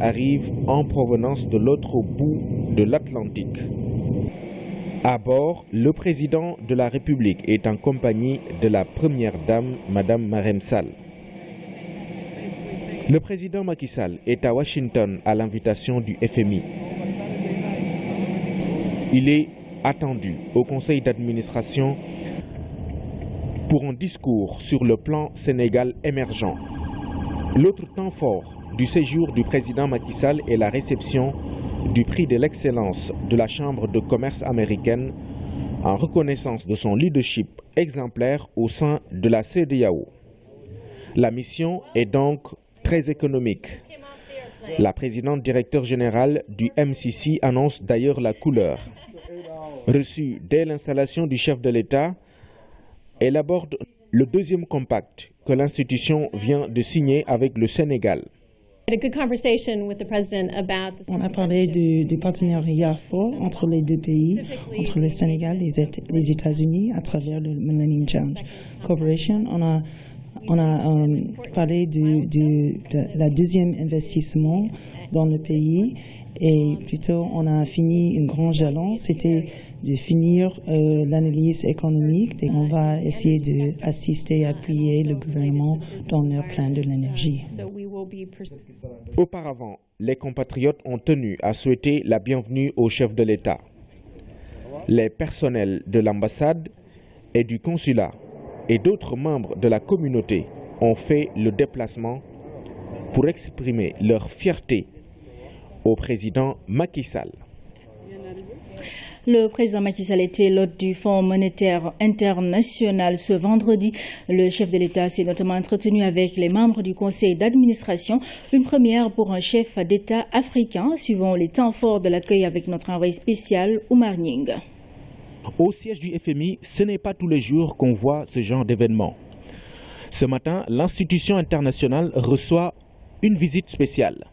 arrive en provenance de l'autre bout de l'Atlantique. À bord, le président de la République est en compagnie de la première dame, Madame Marem Sall. Le président Macky Sall est à Washington à l'invitation du FMI. Il est attendu au conseil d'administration pour un discours sur le plan Sénégal émergent. L'autre temps fort du séjour du président Macky Sall et la réception du prix de l'excellence de la Chambre de commerce américaine en reconnaissance de son leadership exemplaire au sein de la CDAO. La mission est donc très économique. La présidente directeur générale du MCC annonce d'ailleurs la couleur. Reçue dès l'installation du chef de l'État, elle aborde le deuxième compact que l'institution vient de signer avec le Sénégal. On a parlé du, partenariat fort entre les deux pays, entre le Sénégal et les États-Unis à travers le Millennium Challenge Corporation. On a, euh, parlé du, de la deuxième investissement dans le pays et plutôt, on a fini une grande jalon, c'était de finir euh, l'analyse économique. Et on va essayer d'assister, appuyer le gouvernement dans leur plan de l'énergie. Auparavant, les compatriotes ont tenu à souhaiter la bienvenue au chef de l'État, les personnels de l'ambassade et du consulat et d'autres membres de la communauté ont fait le déplacement pour exprimer leur fierté au président Macky Sall. Le président Macky Sall était l'hôte du Fonds monétaire international ce vendredi. Le chef de l'État s'est notamment entretenu avec les membres du conseil d'administration, une première pour un chef d'État africain, suivant les temps forts de l'accueil avec notre envoyé spécial Oumar Ning. Au siège du FMI, ce n'est pas tous les jours qu'on voit ce genre d'événement. Ce matin, l'institution internationale reçoit une visite spéciale.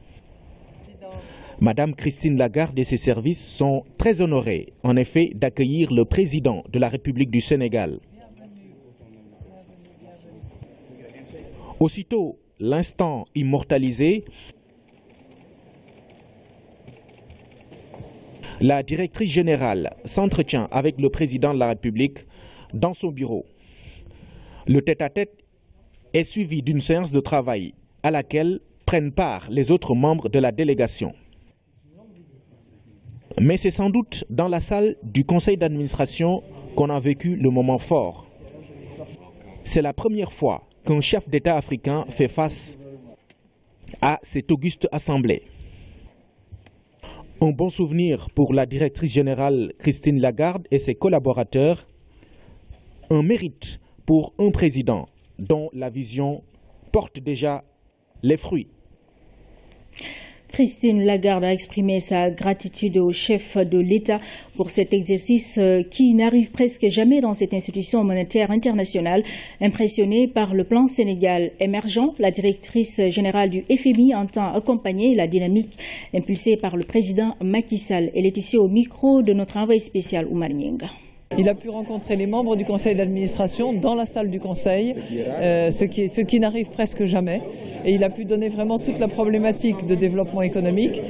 Madame Christine Lagarde et ses services sont très honorés, en effet, d'accueillir le président de la République du Sénégal. Aussitôt l'instant immortalisé, la directrice générale s'entretient avec le président de la République dans son bureau. Le tête-à-tête est suivi d'une séance de travail à laquelle prennent part les autres membres de la délégation. Mais c'est sans doute dans la salle du conseil d'administration qu'on a vécu le moment fort. C'est la première fois qu'un chef d'État africain fait face à cette auguste assemblée. Un bon souvenir pour la directrice générale Christine Lagarde et ses collaborateurs, un mérite pour un président dont la vision porte déjà les fruits. Christine Lagarde a exprimé sa gratitude au chef de l'État pour cet exercice euh, qui n'arrive presque jamais dans cette institution monétaire internationale. Impressionnée par le plan Sénégal émergent, la directrice générale du FMI entend accompagner la dynamique impulsée par le président Macky Sall. Elle est ici au micro de notre envoyé spécial Oumar Nyinga. Il a pu rencontrer les membres du conseil d'administration dans la salle du conseil, euh, ce qui, qui n'arrive presque jamais. Et il a pu donner vraiment toute la problématique de développement économique,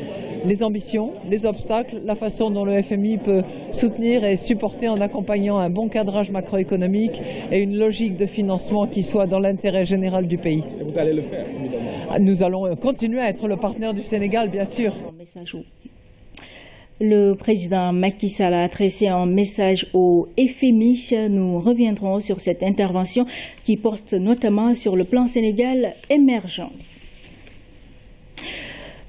les ambitions, les obstacles, la façon dont le FMI peut soutenir et supporter en accompagnant un bon cadrage macroéconomique et une logique de financement qui soit dans l'intérêt général du pays. Et vous allez le faire, ah, Nous allons continuer à être le partenaire du Sénégal, bien sûr. Le président Macky Sall a adressé un message au FMI. Nous reviendrons sur cette intervention qui porte notamment sur le plan Sénégal émergent.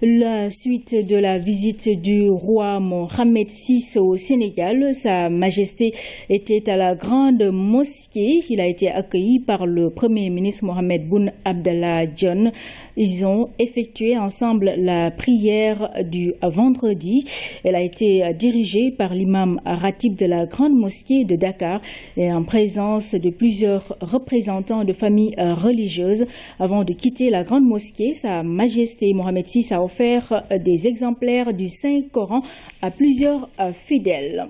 La suite de la visite du roi Mohamed VI au Sénégal, Sa Majesté était à la grande mosquée. Il a été accueilli par le Premier ministre Mohamed Boun Abdallah John. Ils ont effectué ensemble la prière du vendredi. Elle a été dirigée par l'imam Ratib de la grande mosquée de Dakar et en présence de plusieurs représentants de familles religieuses. Avant de quitter la grande mosquée, Sa Majesté Mohamed VI a offert faire des exemplaires du Saint-Coran à plusieurs euh, fidèles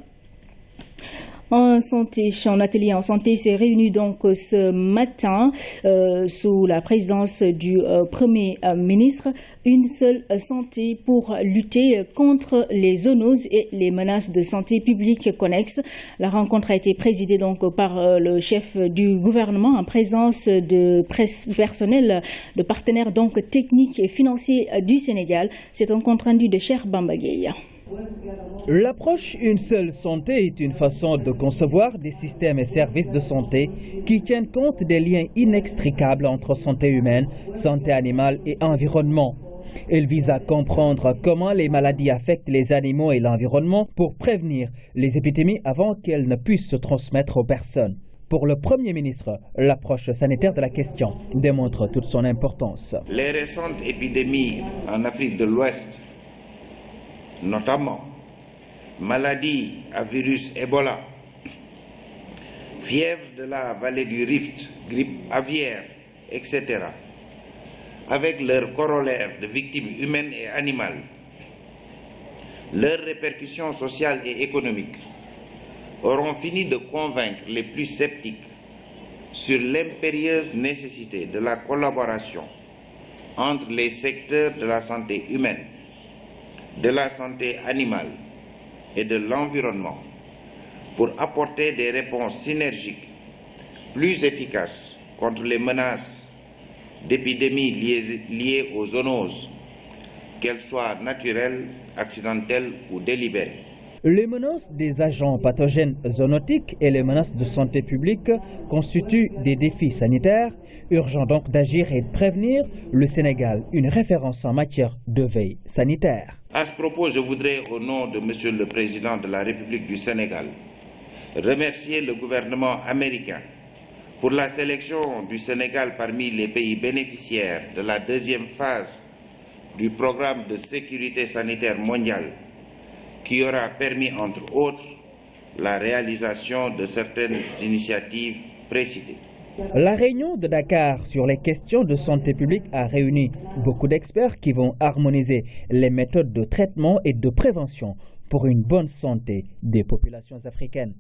en santé, en atelier en santé s'est réuni donc euh, ce matin euh, sous la présidence du euh, Premier ministre. Une seule santé pour lutter contre les zoonoses et les menaces de santé publique connexes. La rencontre a été présidée donc par le chef du gouvernement en présence de presse personnel, de partenaires donc techniques et financiers du Sénégal. C'est un compte rendu de Cher Bambagay. L'approche Une seule santé est une façon de concevoir des systèmes et services de santé qui tiennent compte des liens inextricables entre santé humaine, santé animale et environnement. Elle vise à comprendre comment les maladies affectent les animaux et l'environnement pour prévenir les épidémies avant qu'elles ne puissent se transmettre aux personnes. Pour le Premier ministre, l'approche sanitaire de la question démontre toute son importance. Les récentes épidémies en Afrique de l'Ouest notamment maladie à virus Ebola, fièvre de la vallée du Rift, grippe aviaire, etc., avec leurs corollaires de victimes humaines et animales, leurs répercussions sociales et économiques, auront fini de convaincre les plus sceptiques sur l'impérieuse nécessité de la collaboration entre les secteurs de la santé humaine de la santé animale et de l'environnement pour apporter des réponses synergiques plus efficaces contre les menaces d'épidémies liées, aux zoonoses, qu'elles soient naturelles, accidentelles ou délibérées. Les menaces des agents pathogènes zoonotiques et les menaces de santé publique constituent des défis sanitaires, urgent donc d'agir et de prévenir le Sénégal, une référence en matière de veille sanitaire. À ce propos, je voudrais, au nom de Monsieur le Président de la République du Sénégal, remercier le gouvernement américain pour la sélection du Sénégal parmi les pays bénéficiaires de la deuxième phase du programme de sécurité sanitaire mondiale qui aura permis, entre autres, la réalisation de certaines initiatives précitées. La réunion de Dakar sur les questions de santé publique a réuni beaucoup d'experts qui vont harmoniser les méthodes de traitement et de prévention pour une bonne santé des populations africaines.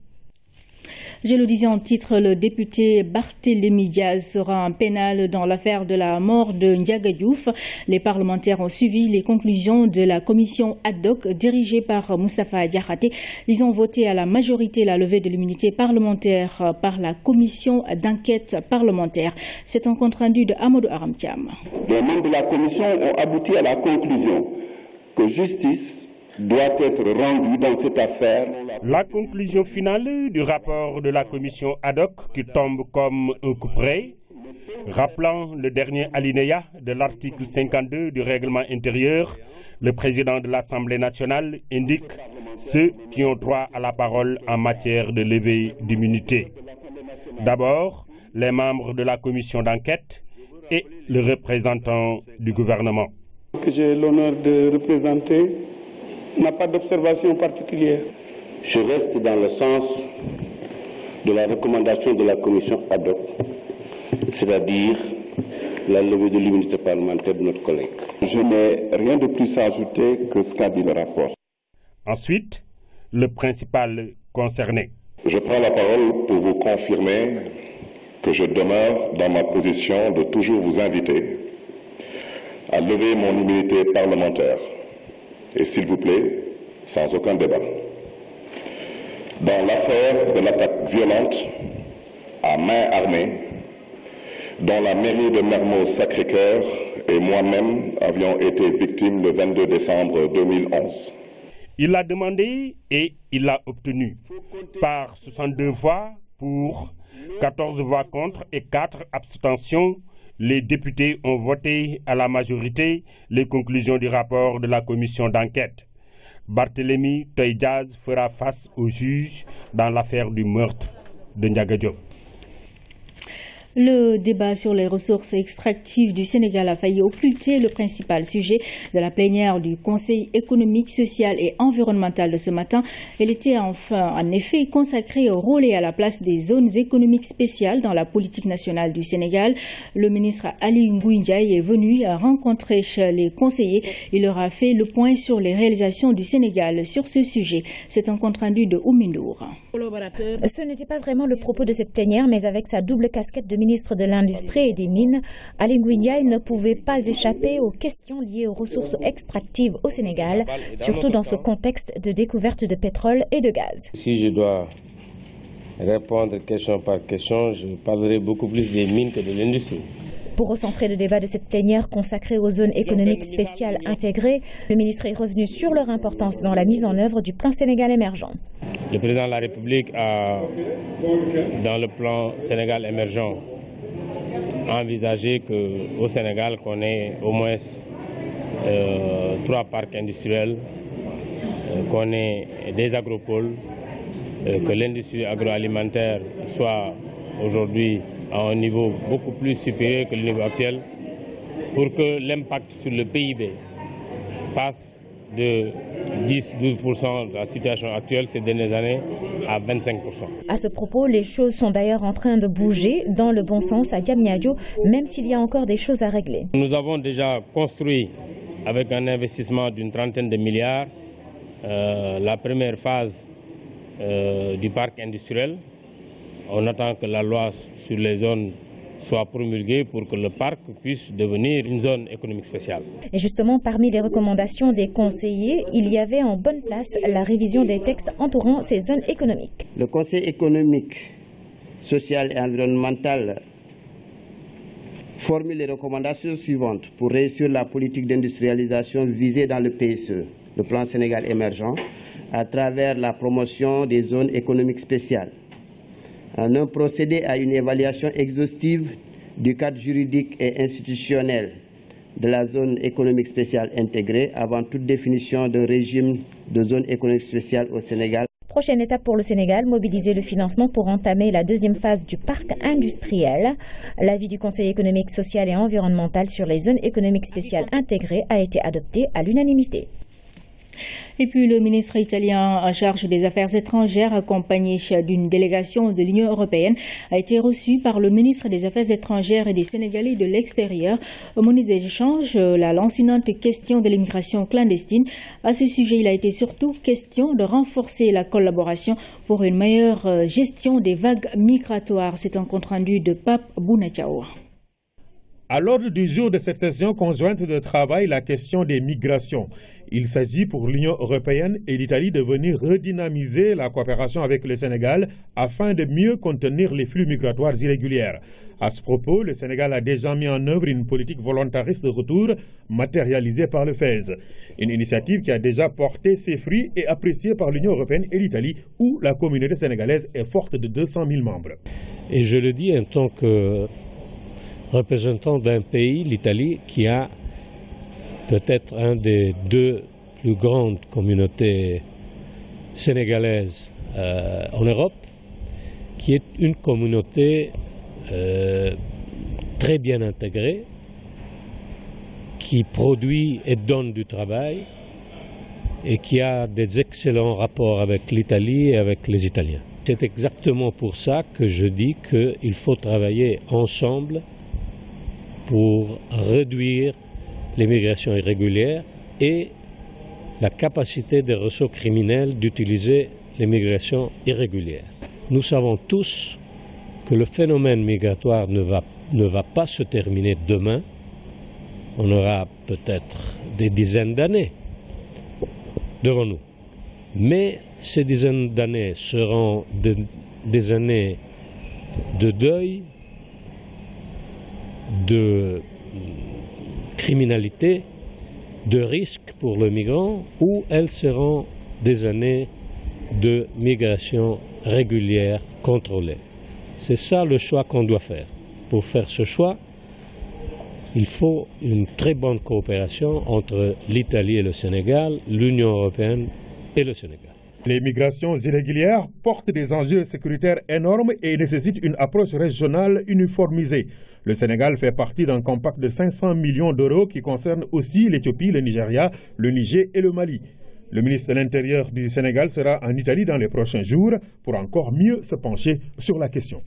Je le disais en titre, le député Barthélémy Diaz sera en pénal dans l'affaire de la mort de Ndiaga Diouf. Les parlementaires ont suivi les conclusions de la commission ad hoc dirigée par Moustapha Diakhaté. Ils ont voté à la majorité la levée de l'immunité parlementaire par la commission d'enquête parlementaire. C'est un compte rendu de Amadou Aramtiam. Les membres de la commission ont abouti à la conclusion que justice doit être rendu dans cette affaire. La conclusion finale du rapport de la commission ad hoc qui tombe comme un coup près, rappelant le dernier alinéa de l'article 52 du règlement intérieur, le président de l'Assemblée nationale indique ceux qui ont droit à la parole en matière de levée d'immunité. D'abord, les membres de la commission d'enquête et le représentant du gouvernement. Que j'ai l'honneur de représenter n'a pas d'observation particulière. Je reste dans le sens de la recommandation de la commission Adoc, c'est-à-dire la levée de l'immunité parlementaire de notre collègue. Je n'ai rien de plus à ajouter que ce qu'a dit le rapport. Ensuite, le principal concerné. Je prends la parole pour vous confirmer que je demeure dans ma position de toujours vous inviter à lever mon immunité parlementaire et s'il vous plaît, sans aucun débat. Dans l'affaire de l'attaque violente à main armée, dont la mairie de Mermoz Sacré-Cœur et moi-même avions été victimes le 22 décembre 2011. Il a demandé et il l'a obtenu par 62 voix pour, 14 voix contre et 4 abstentions les députés ont voté à la majorité les conclusions du rapport de la commission d'enquête. Barthélemy Toydaz fera face au juge dans l'affaire du meurtre de Ndiaga le débat sur les ressources extractives du Sénégal a failli occulter le principal sujet de la plénière du Conseil économique, social et environnemental de ce matin. Elle était enfin, en effet, consacrée au rôle et à la place des zones économiques spéciales dans la politique nationale du Sénégal. Le ministre Ali Nguindia est venu rencontrer les conseillers. Il leur a fait le point sur les réalisations du Sénégal sur ce sujet. C'est un compte rendu de Oumindour. Ce n'était pas vraiment le propos de cette plénière, mais avec sa double casquette de ministre de l'Industrie et des Mines, Alain Guignal ne pouvait pas échapper aux questions liées aux ressources extractives au Sénégal, surtout dans ce contexte de découverte de pétrole et de gaz. Si je dois répondre question par question, je parlerai beaucoup plus des mines que de l'industrie. Pour recentrer le débat de cette plénière consacrée aux zones économiques spéciales intégrées, le ministre est revenu sur leur importance dans la mise en œuvre du plan Sénégal émergent. Le président de la République a, dans le plan Sénégal émergent, envisagé qu'au Sénégal, qu'on ait au moins euh, trois parcs industriels, euh, qu'on ait des agropoles, euh, que l'industrie agroalimentaire soit aujourd'hui à un niveau beaucoup plus supérieur que le niveau actuel pour que l'impact sur le PIB passe de 10-12% de la situation actuelle ces dernières années à 25%. À ce propos, les choses sont d'ailleurs en train de bouger dans le bon sens à Diamniadio, même s'il y a encore des choses à régler. Nous avons déjà construit, avec un investissement d'une trentaine de milliards, euh, la première phase euh, du parc industriel on attend que la loi sur les zones soit promulguée pour que le parc puisse devenir une zone économique spéciale. Et justement, parmi les recommandations des conseillers, il y avait en bonne place la révision des textes entourant ces zones économiques. Le Conseil économique, social et environnemental formule les recommandations suivantes pour réussir la politique d'industrialisation visée dans le PSE, le plan Sénégal émergent, à travers la promotion des zones économiques spéciales en un procédé à une évaluation exhaustive du cadre juridique et institutionnel de la zone économique spéciale intégrée avant toute définition d'un régime de zone économique spéciale au Sénégal. Prochaine étape pour le Sénégal, mobiliser le financement pour entamer la deuxième phase du parc industriel. L'avis du Conseil économique, social et environnemental sur les zones économiques spéciales intégrées a été adopté à l'unanimité. Et puis le ministre italien en charge des Affaires étrangères, accompagné d'une délégation de l'Union européenne, a été reçu par le ministre des Affaires étrangères et des Sénégalais de l'extérieur. Au moment des échanges, euh, la lancinante question de l'immigration clandestine. À ce sujet, il a été surtout question de renforcer la collaboration pour une meilleure euh, gestion des vagues migratoires. C'est un compte rendu de Pape Bounatiao. À l'ordre du jour de cette session conjointe de travail, la question des migrations. Il s'agit pour l'Union européenne et l'Italie de venir redynamiser la coopération avec le Sénégal afin de mieux contenir les flux migratoires irréguliers. À ce propos, le Sénégal a déjà mis en œuvre une politique volontariste de retour matérialisée par le FES, une initiative qui a déjà porté ses fruits et appréciée par l'Union européenne et l'Italie, où la communauté sénégalaise est forte de 200 000 membres. Et je le dis en tant que représentant d'un pays, l'Italie, qui a peut-être un des deux plus grandes communautés sénégalaises euh, en Europe, qui est une communauté euh, très bien intégrée, qui produit et donne du travail et qui a des excellents rapports avec l'Italie et avec les Italiens. C'est exactement pour ça que je dis qu'il faut travailler ensemble pour réduire l'immigration irrégulière et la capacité des ressources criminelles d'utiliser l'immigration irrégulière. Nous savons tous que le phénomène migratoire ne va, pas se terminer demain. On aura peut-être des dizaines d'années devant nous. Mais ces dizaines d'années seront des années de deuil, de criminalité, de risque pour le migrant, ou elles seront des années de migration régulière contrôlée. C'est ça le choix qu'on doit faire. Pour faire ce choix, il faut une très bonne coopération entre l'Italie et le Sénégal, l'Union européenne et le Sénégal. Les migrations irrégulières portent des enjeux sécuritaires énormes et nécessitent une approche régionale uniformisée. Le Sénégal fait partie d'un compact de 500 millions d'euros qui concerne aussi l'Éthiopie, le Nigeria, le Niger et le Mali. Le ministre de l'Intérieur du Sénégal sera en Italie dans les prochains jours pour encore mieux se pencher sur la question.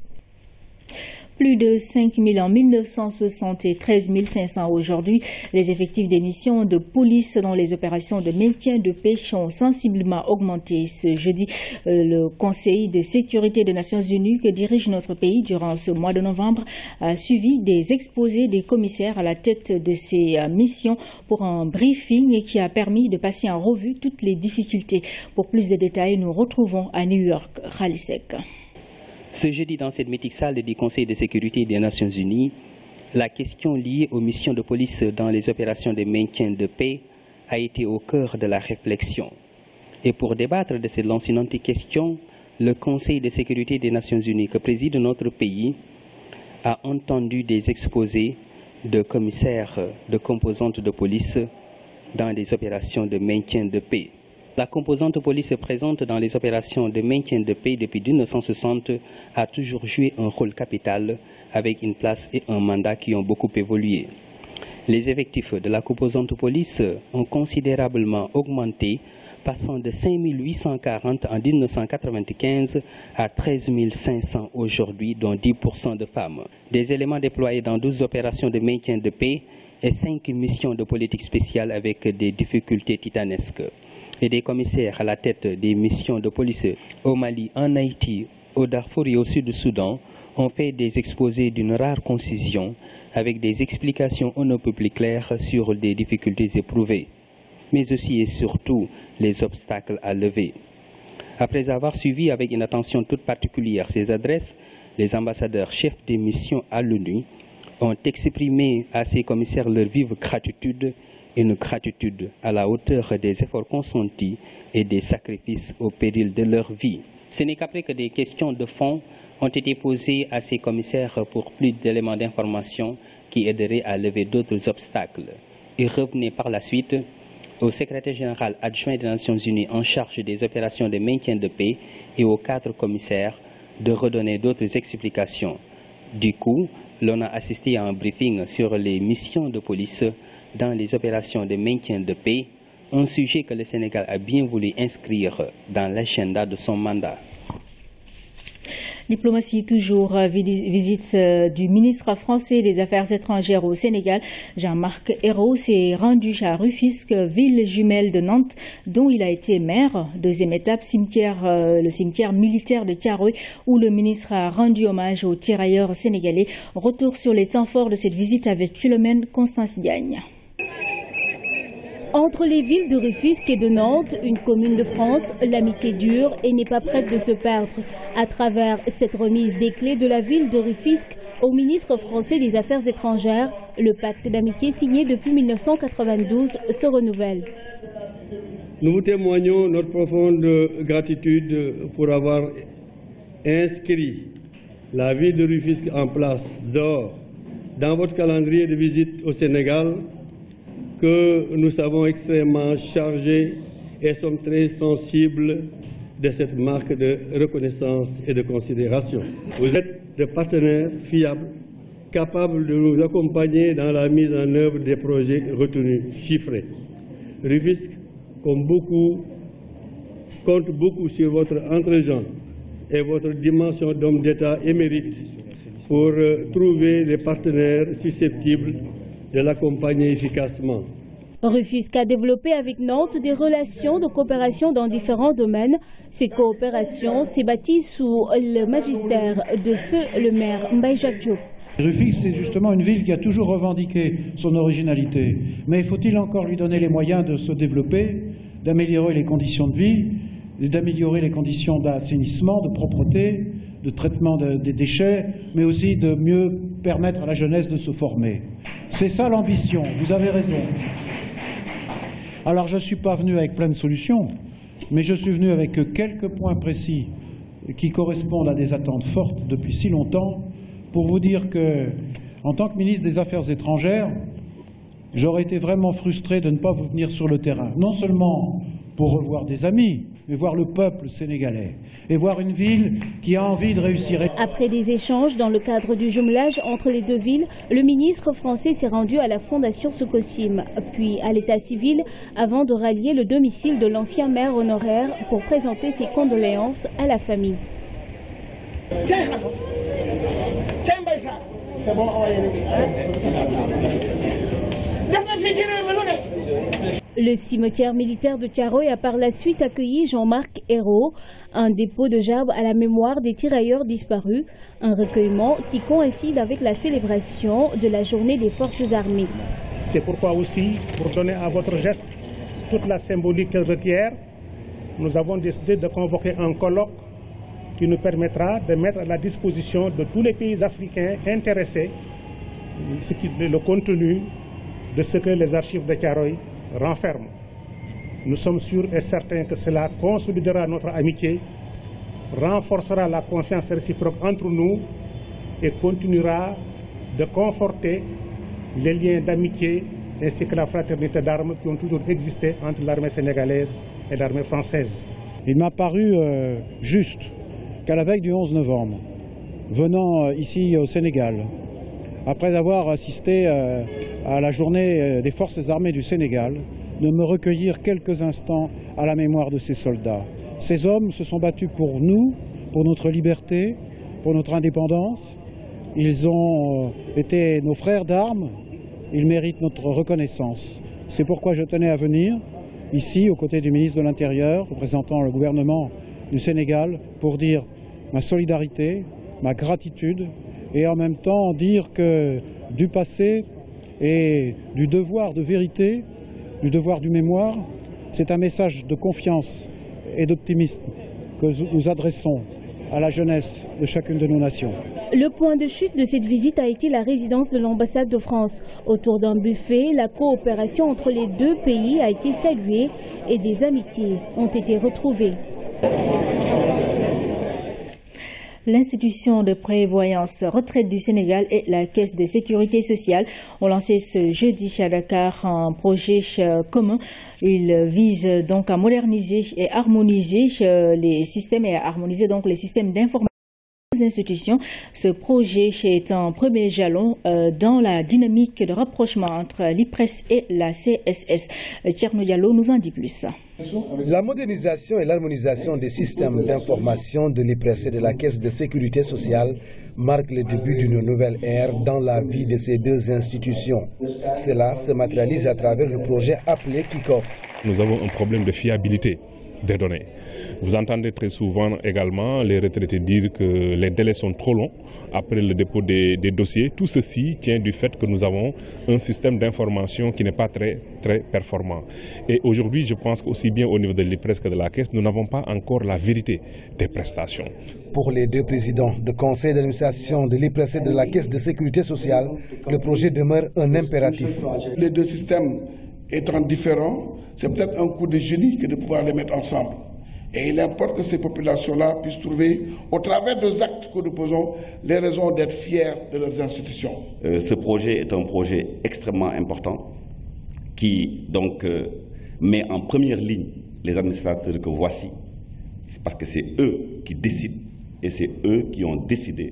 Plus de 5 000 en 1973 et 13 500 aujourd'hui. Les effectifs des missions de police dans les opérations de maintien de pêche ont sensiblement augmenté ce jeudi. Euh, le Conseil de sécurité des Nations Unies que dirige notre pays durant ce mois de novembre a suivi des exposés des commissaires à la tête de ces euh, missions pour un briefing qui a permis de passer en revue toutes les difficultés. Pour plus de détails, nous retrouvons à New York Khalisek. Ce jeudi, dans cette mythique salle du Conseil de sécurité des Nations Unies, la question liée aux missions de police dans les opérations de maintien de paix a été au cœur de la réflexion. Et pour débattre de cette lancinante question, le Conseil de sécurité des Nations Unies que préside notre pays a entendu des exposés de commissaires de composantes de police dans des opérations de maintien de paix. La composante police présente dans les opérations de maintien de paix depuis 1960 a toujours joué un rôle capital avec une place et un mandat qui ont beaucoup évolué. Les effectifs de la composante police ont considérablement augmenté, passant de 5 840 en 1995 à 13 500 aujourd'hui, dont 10% de femmes. Des éléments déployés dans 12 opérations de maintien de paix et 5 missions de politique spéciale avec des difficultés titanesques et des commissaires à la tête des missions de police au Mali, en Haïti, au Darfour et au Sud-Soudan ont fait des exposés d'une rare concision avec des explications on ne peut claires sur des difficultés éprouvées, mais aussi et surtout les obstacles à lever. Après avoir suivi avec une attention toute particulière ces adresses, les ambassadeurs chefs des missions à l'ONU ont exprimé à ces commissaires leur vive gratitude une gratitude à la hauteur des efforts consentis et des sacrifices au péril de leur vie. Ce n'est qu'après que des questions de fond ont été posées à ces commissaires pour plus d'éléments d'information qui aideraient à lever d'autres obstacles. Ils revenaient par la suite au secrétaire général adjoint des Nations Unies en charge des opérations de maintien de paix et aux quatre commissaires de redonner d'autres explications. Du coup, l'on a assisté à un briefing sur les missions de police dans les opérations de maintien de paix, un sujet que le Sénégal a bien voulu inscrire dans l'agenda de son mandat. Diplomatie toujours, euh, visite euh, du ministre français des Affaires étrangères au Sénégal, Jean-Marc Hérault, s'est rendu à Rufisque, ville jumelle de Nantes, dont il a été maire. Deuxième étape, euh, le cimetière militaire de Tiaroy, où le ministre a rendu hommage aux tirailleurs sénégalais. Retour sur les temps forts de cette visite avec Philomène Constance Diagne. Entre les villes de Rufisque et de Nantes, une commune de France, l'amitié dure et n'est pas prête de se perdre. À travers cette remise des clés de la ville de Rufisque au ministre français des Affaires étrangères, le pacte d'amitié signé depuis 1992 se renouvelle. Nous vous témoignons notre profonde gratitude pour avoir inscrit la ville de Rufisque en place d'or dans votre calendrier de visite au Sénégal que nous savons extrêmement chargés et sommes très sensibles de cette marque de reconnaissance et de considération. Vous êtes des partenaires fiables, capables de nous accompagner dans la mise en œuvre des projets retenus, chiffrés. Rufisque, comme beaucoup, compte beaucoup sur votre entregent et votre dimension d'homme d'État émérite pour euh, trouver les partenaires susceptibles de l'accompagner efficacement. Rufisque a développé avec Nantes des relations de coopération dans différents domaines. Ces coopérations s'est bâtie sous le magistère de feu le maire Mbaye Rufisque, c'est justement une ville qui a toujours revendiqué son originalité. Mais faut-il encore lui donner les moyens de se développer, d'améliorer les conditions de vie, d'améliorer les conditions d'assainissement, de propreté, de traitement des déchets, mais aussi de mieux permettre à la jeunesse de se former. C'est ça l'ambition, vous avez raison. Alors je ne suis pas venu avec plein de solutions, mais je suis venu avec quelques points précis qui correspondent à des attentes fortes depuis si longtemps pour vous dire que, en tant que ministre des Affaires étrangères, j'aurais été vraiment frustré de ne pas vous venir sur le terrain. Non seulement pour revoir des amis, mais voir le peuple sénégalais et voir une ville qui a envie de réussir. Après des échanges dans le cadre du jumelage entre les deux villes, le ministre français s'est rendu à la fondation Sokosim, puis à l'état civil, avant de rallier le domicile de l'ancien maire honoraire pour présenter ses condoléances à la famille. Hein? Le cimetière militaire de Tiaroy a par la suite accueilli Jean-Marc Hérault, un dépôt de gerbes à la mémoire des tirailleurs disparus, un recueillement qui coïncide avec la célébration de la journée des forces armées. C'est pourquoi aussi, pour donner à votre geste toute la symbolique qu'elle requiert, nous avons décidé de convoquer un colloque qui nous permettra de mettre à la disposition de tous les pays africains intéressés le contenu de ce que les archives de Tiaroy renferme. Nous sommes sûrs et certains que cela consolidera notre amitié, renforcera la confiance réciproque entre nous et continuera de conforter les liens d'amitié ainsi que la fraternité d'armes qui ont toujours existé entre l'armée sénégalaise et l'armée française. Il m'a paru euh, juste qu'à la veille du 11 novembre, venant euh, ici au Sénégal, après avoir assisté euh, à la journée euh, des forces armées du Sénégal, de me recueillir quelques instants à la mémoire de ces soldats. Ces hommes se sont battus pour nous, pour notre liberté, pour notre indépendance. Ils ont euh, été nos frères d'armes, ils méritent notre reconnaissance. C'est pourquoi je tenais à venir ici, aux côtés du ministre de l'Intérieur, représentant le gouvernement du Sénégal, pour dire ma solidarité, ma gratitude et en même temps dire que du passé et du devoir de vérité, du devoir du mémoire, c'est un message de confiance et d'optimisme que nous adressons à la jeunesse de chacune de nos nations. Le point de chute de cette visite a été la résidence de l'ambassade de France. Autour d'un buffet, la coopération entre les deux pays a été saluée et des amitiés ont été retrouvées l'institution de prévoyance retraite du Sénégal et la Caisse de sécurité sociale ont lancé ce jeudi à Dakar un projet euh, commun. Il vise donc à moderniser et harmoniser euh, les systèmes et à harmoniser donc les systèmes d'information institutions. Ce projet est un premier jalon euh, dans la dynamique de rapprochement entre l'IPRES et la CSS. Euh, Tcherno Diallo nous en dit plus. La modernisation et l'harmonisation des systèmes d'information de l'IPRES et de la Caisse de sécurité sociale marquent le début d'une nouvelle ère dans la vie de ces deux institutions. Cela se matérialise à travers le projet appelé Kickoff. Nous avons un problème de fiabilité des données. Vous entendez très souvent également les retraités dire que les délais sont trop longs après le dépôt des, dossiers. Tout ceci tient du fait que nous avons un système d'information qui n'est pas très, performant. Et aujourd'hui, je pense qu'aussi bien au niveau de l'IPRES que de la Caisse, nous n'avons pas encore la vérité des prestations. Pour les deux présidents de conseil d'administration de l'IPRES et de la Caisse de sécurité sociale, le projet demeure un impératif. Les deux systèmes étant différents, c'est peut-être un coup de génie que de pouvoir les mettre ensemble. Et il importe que ces populations-là puissent trouver, au travers des actes que nous posons, les raisons d'être fiers de leurs institutions. Euh, ce projet est un projet extrêmement important qui donc euh, met en première ligne les administrateurs que voici, parce que c'est eux qui décident et c'est eux qui ont décidé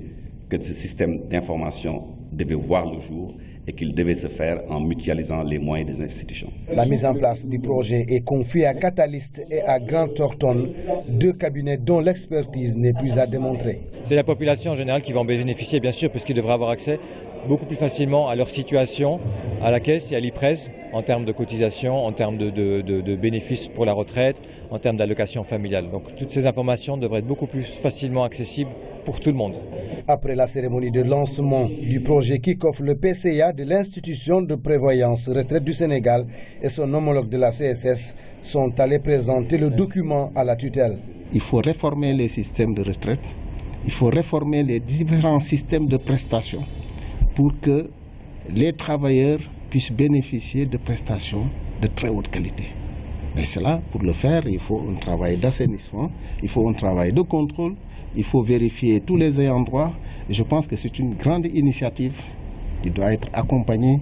que ce système d'information devait voir le jour et qu'il devait se faire en mutualisant les moyens des institutions. La mise en place du projet est confiée à Catalyst et à Grand Thornton, deux cabinets dont l'expertise n'est plus à démontrer. C'est la population en général qui va en bénéficier, bien sûr, puisqu'ils devraient avoir accès beaucoup plus facilement à leur situation, à la caisse et à l'IPRES en termes de cotisation, en termes de, bénéfices pour la retraite, en termes d'allocation familiale. Donc toutes ces informations devraient être beaucoup plus facilement accessibles tout le monde. Après la cérémonie de lancement du projet qui le PCA de l'institution de prévoyance retraite du Sénégal et son homologue de la CSS sont allés présenter le document à la tutelle. Il faut réformer les systèmes de retraite, il faut réformer les différents systèmes de prestations pour que les travailleurs puissent bénéficier de prestations de très haute qualité. mais cela, pour le faire, il faut un travail d'assainissement, il faut un travail de contrôle, il faut vérifier tous les endroits. je pense que c'est une grande initiative qui doit être accompagnée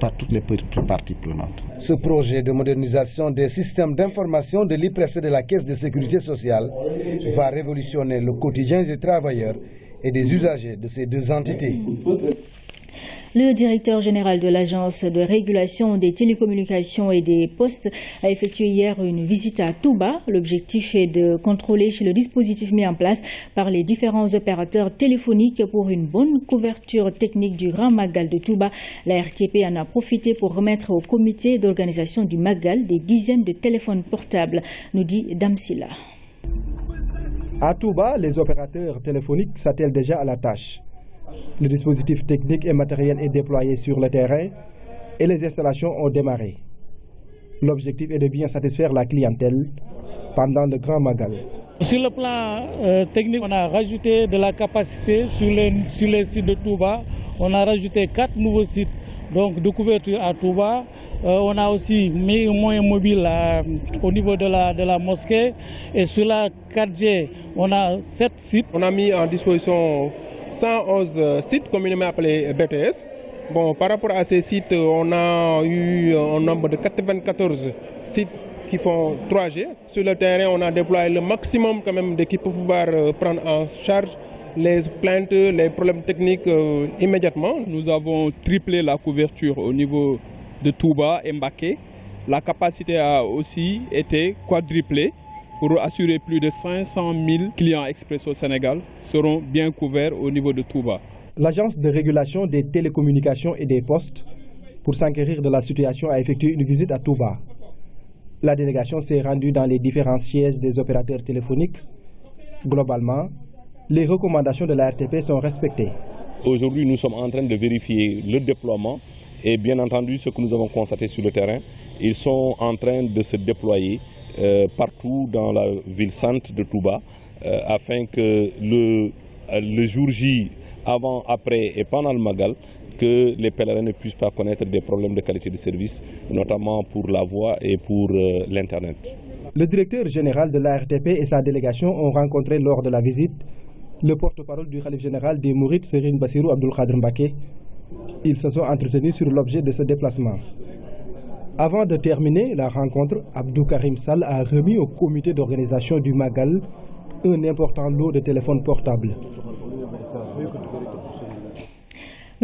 par toutes les parties prenantes. Ce projet de modernisation des systèmes d'information de l'IPRES de la Caisse de sécurité sociale va révolutionner le quotidien des travailleurs et des usagers de ces deux entités. Le directeur général de l'Agence de régulation des télécommunications et des postes a effectué hier une visite à Touba. L'objectif est de contrôler le dispositif mis en place par les différents opérateurs téléphoniques pour une bonne couverture technique du Grand Magal de Touba. La RTP en a profité pour remettre au comité d'organisation du Magal des dizaines de téléphones portables, nous dit Damsila. À Touba, les opérateurs téléphoniques s'attellent déjà à la tâche. Le dispositif technique et matériel est déployé sur le terrain et les installations ont démarré. L'objectif est de bien satisfaire la clientèle pendant le grand magal. Sur le plan euh, technique, on a rajouté de la capacité sur les, sur sites de Touba. On a rajouté quatre nouveaux sites donc, de couverture à Touba. Euh, on a aussi mis un moyen mobile euh, au niveau de la, de la mosquée. Et sur la 4G, on a sept sites. On a mis en disposition 111 euh, sites communément appelés euh, BTS. Bon, par rapport à ces sites, euh, on a eu un nombre de 94 sites qui font 3G. Sur le terrain, on a déployé le maximum quand même d'équipes pour pouvoir prendre en charge les plaintes, les problèmes techniques immédiatement. Nous avons triplé la couverture au niveau de Touba et Mbaké. La capacité a aussi été quadruplée pour assurer plus de 500 000 clients express au Sénégal seront bien couverts au niveau de Touba. L'Agence de régulation des télécommunications et des postes, pour s'enquérir de la situation, a effectué une visite à Touba. La délégation s'est rendue dans les différents sièges des opérateurs téléphoniques. Globalement, les recommandations de la RTP sont respectées. Aujourd'hui, nous sommes en train de vérifier le déploiement et bien entendu ce que nous avons constaté sur le terrain. Ils sont en train de se déployer euh, partout dans la ville sainte de Touba euh, afin que euh, le, jour J, avant, après et pendant le Magal, que les pèlerins ne puissent pas connaître des problèmes de qualité de service, notamment pour la voie et pour l'Internet. Le directeur général de la RTP et sa délégation ont rencontré lors de la visite le porte-parole du calife général des Mourites, Serine Bassirou Abdul Khadr Mbake. Ils se sont entretenus sur l'objet de ce déplacement. Avant de terminer la rencontre, Abdou Karim Sall a remis au comité d'organisation du Magal un important lot de téléphones portables.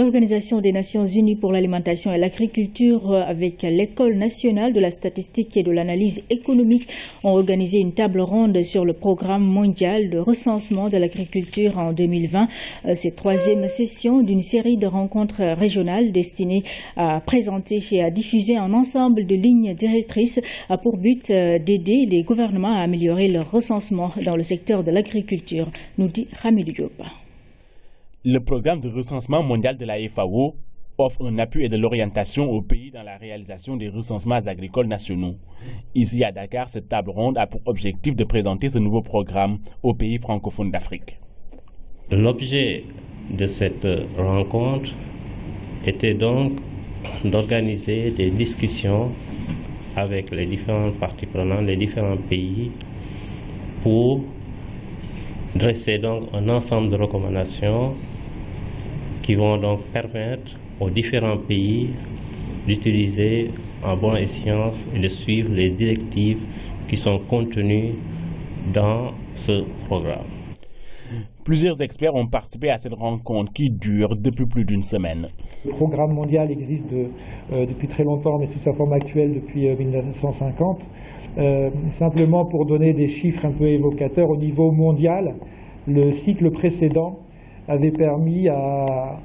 L'Organisation des Nations Unies pour l'alimentation et l'agriculture euh, avec l'École nationale de la statistique et de l'analyse économique ont organisé une table ronde sur le programme mondial de recensement de l'agriculture en 2020. Euh, C'est troisième session d'une série de rencontres régionales destinées à présenter et à diffuser un ensemble de lignes directrices euh, pour but d'aider les gouvernements à améliorer leur recensement dans le secteur de l'agriculture, nous dit Ramil le programme de recensement mondial de la FAO offre un appui et de l'orientation aux pays dans la réalisation des recensements agricoles nationaux. Ici à Dakar, cette table ronde a pour objectif de présenter ce nouveau programme aux pays francophones d'Afrique. L'objet de cette rencontre était donc d'organiser des discussions avec les différents parties prenantes, les différents pays, pour dresser donc un ensemble de recommandations qui vont donc permettre aux différents pays d'utiliser en bon et science et de suivre les directives qui sont contenues dans ce programme. Plusieurs experts ont participé à cette rencontre qui dure depuis plus d'une semaine. Le programme mondial existe euh, depuis très longtemps, mais sous sa forme actuelle depuis 1950. Euh, euh, simplement pour donner des chiffres un peu évocateurs, au niveau mondial, le cycle précédent avait permis à,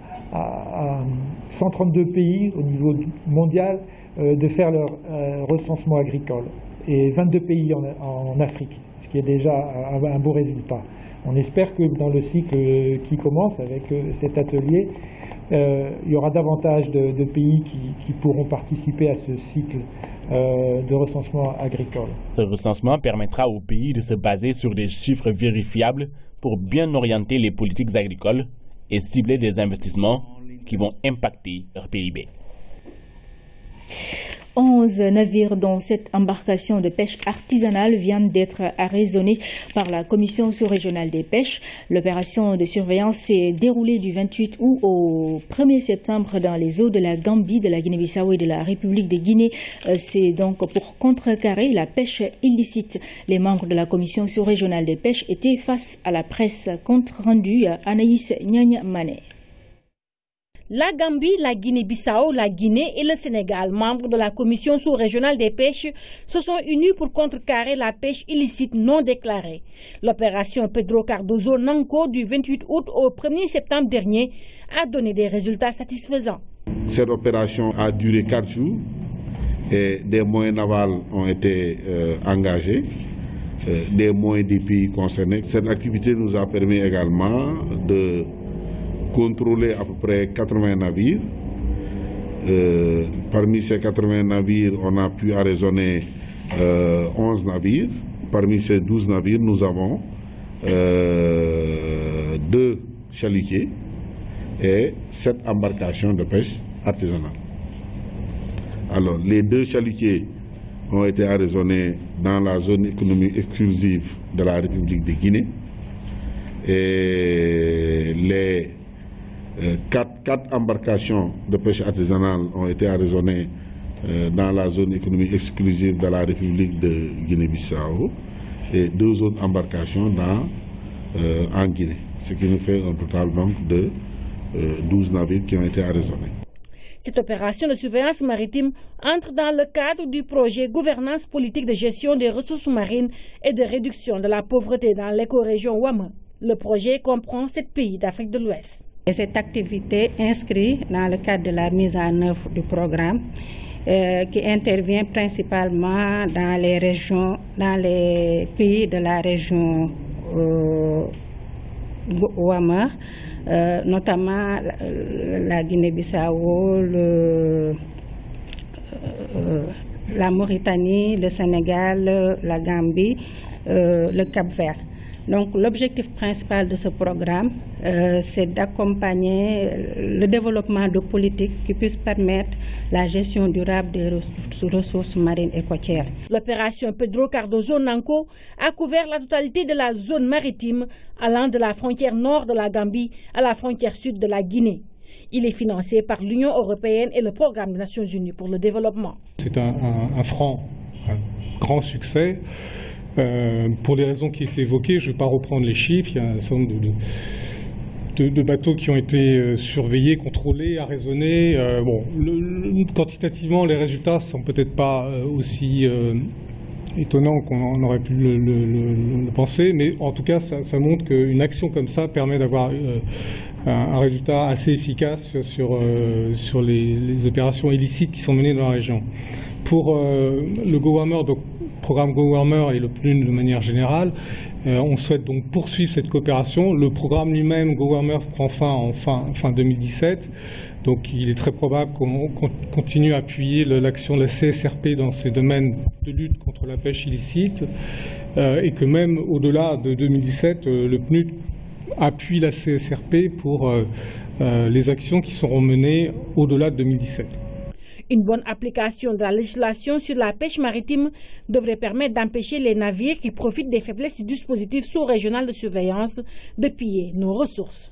132 pays au niveau mondial euh, de faire leur euh, recensement agricole et 22 pays en, Afrique, ce qui est déjà un, beau résultat. On espère que dans le cycle qui commence avec euh, cet atelier, il y aura davantage de, pays qui, pourront participer à ce cycle de recensement agricole. Ce recensement permettra aux pays de se baser sur des chiffres vérifiables pour bien orienter les politiques agricoles et cibler des investissements qui vont impacter leur PIB. 11 navires dont cette embarcation de pêche artisanale viennent d'être arraisonnés par la Commission sous-régionale des pêches. L'opération de surveillance s'est déroulée du 28 août au 1er septembre dans les eaux de la Gambie, de la Guinée-Bissau et de la République de Guinée. Euh, c'est donc pour contrecarrer la pêche illicite. Les membres de la Commission sous-régionale des pêches étaient face à la presse compte rendu Anaïs Nyanyamane. La Gambie, la Guinée-Bissau, la Guinée et le Sénégal, membres de la commission sous-régionale des pêches, se sont unis pour contrecarrer la pêche illicite non déclarée. L'opération Pedro cardoso Nanco du 28 août au 1er septembre dernier a donné des résultats satisfaisants. Cette opération a duré quatre jours et des moyens navals ont été euh, engagés euh, des moyens des pays concernés. Cette activité nous a permis également de contrôlé à peu près 80 navires. Euh, parmi ces 80 navires, on a pu arraisonner 11 euh, navires. Parmi ces 12 navires, nous avons euh, deux chalutiers et sept embarcations de pêche artisanale. Alors, les deux chalutiers ont été arraisonnés dans la zone économique exclusive de la République de Guinée. Et les euh, quatre, embarcations de pêche artisanale ont été arraisonnées euh, dans la zone économique exclusive de la République de Guinée-Bissau et deux autres embarcations dans, euh, en Guinée, ce qui nous fait un total donc de douze 12 navires qui ont été arraisonnés. Cette opération de surveillance maritime entre dans le cadre du projet Gouvernance politique de gestion des ressources marines et de réduction de la pauvreté dans l'écorégion région Ouama. Le projet comprend sept pays d'Afrique de l'Ouest cette activité inscrite dans le cadre de la mise en œuvre du programme euh, qui intervient principalement dans les pays de la région euh, Ouama, euh, notamment la, la Guinée-Bissau, la Mauritanie, le Sénégal, la Gambie, le Cap-Vert. Donc l'objectif principal de ce programme, euh, c'est d'accompagner euh, le développement de politiques qui puissent permettre la gestion durable des ressources marines et L'opération Pedro Cardozo Nanco a couvert la totalité de la zone maritime allant de la frontière nord de la Gambie à la frontière sud de la Guinée. Il est financé par l'Union européenne et le Programme des Nations Unies pour le développement. C'est un franc, un grand succès. Euh, pour les raisons qui étaient évoquées, je ne vais pas reprendre les chiffres. Il y a un certain nombre de, bateaux qui ont été euh, surveillés, contrôlés, arraisonnés. Euh, bon, quantitativement, les résultats ne sont peut-être pas aussi étonnants qu'on aurait pu le, penser, mais en tout cas, ça, montre qu'une action comme ça permet d'avoir un, résultat assez efficace sur, les opérations illicites qui sont menées dans la région. Pour euh, le donc programme GoWarmer et le PNUD de manière générale, euh, on souhaite donc poursuivre cette coopération. Le programme lui-même, GoWarmer, prend fin en fin, 2017. Donc il est très probable qu'on continue à appuyer l'action de la CSRP dans ces domaines de lutte contre la pêche illicite euh, et que même au-delà de 2017, le PNUD appuie la CSRP pour les actions qui seront menées au-delà de 2017. Une bonne application de la législation sur la pêche maritime devrait permettre d'empêcher les navires qui profitent des faiblesses du dispositif sous-régional de surveillance de piller nos ressources.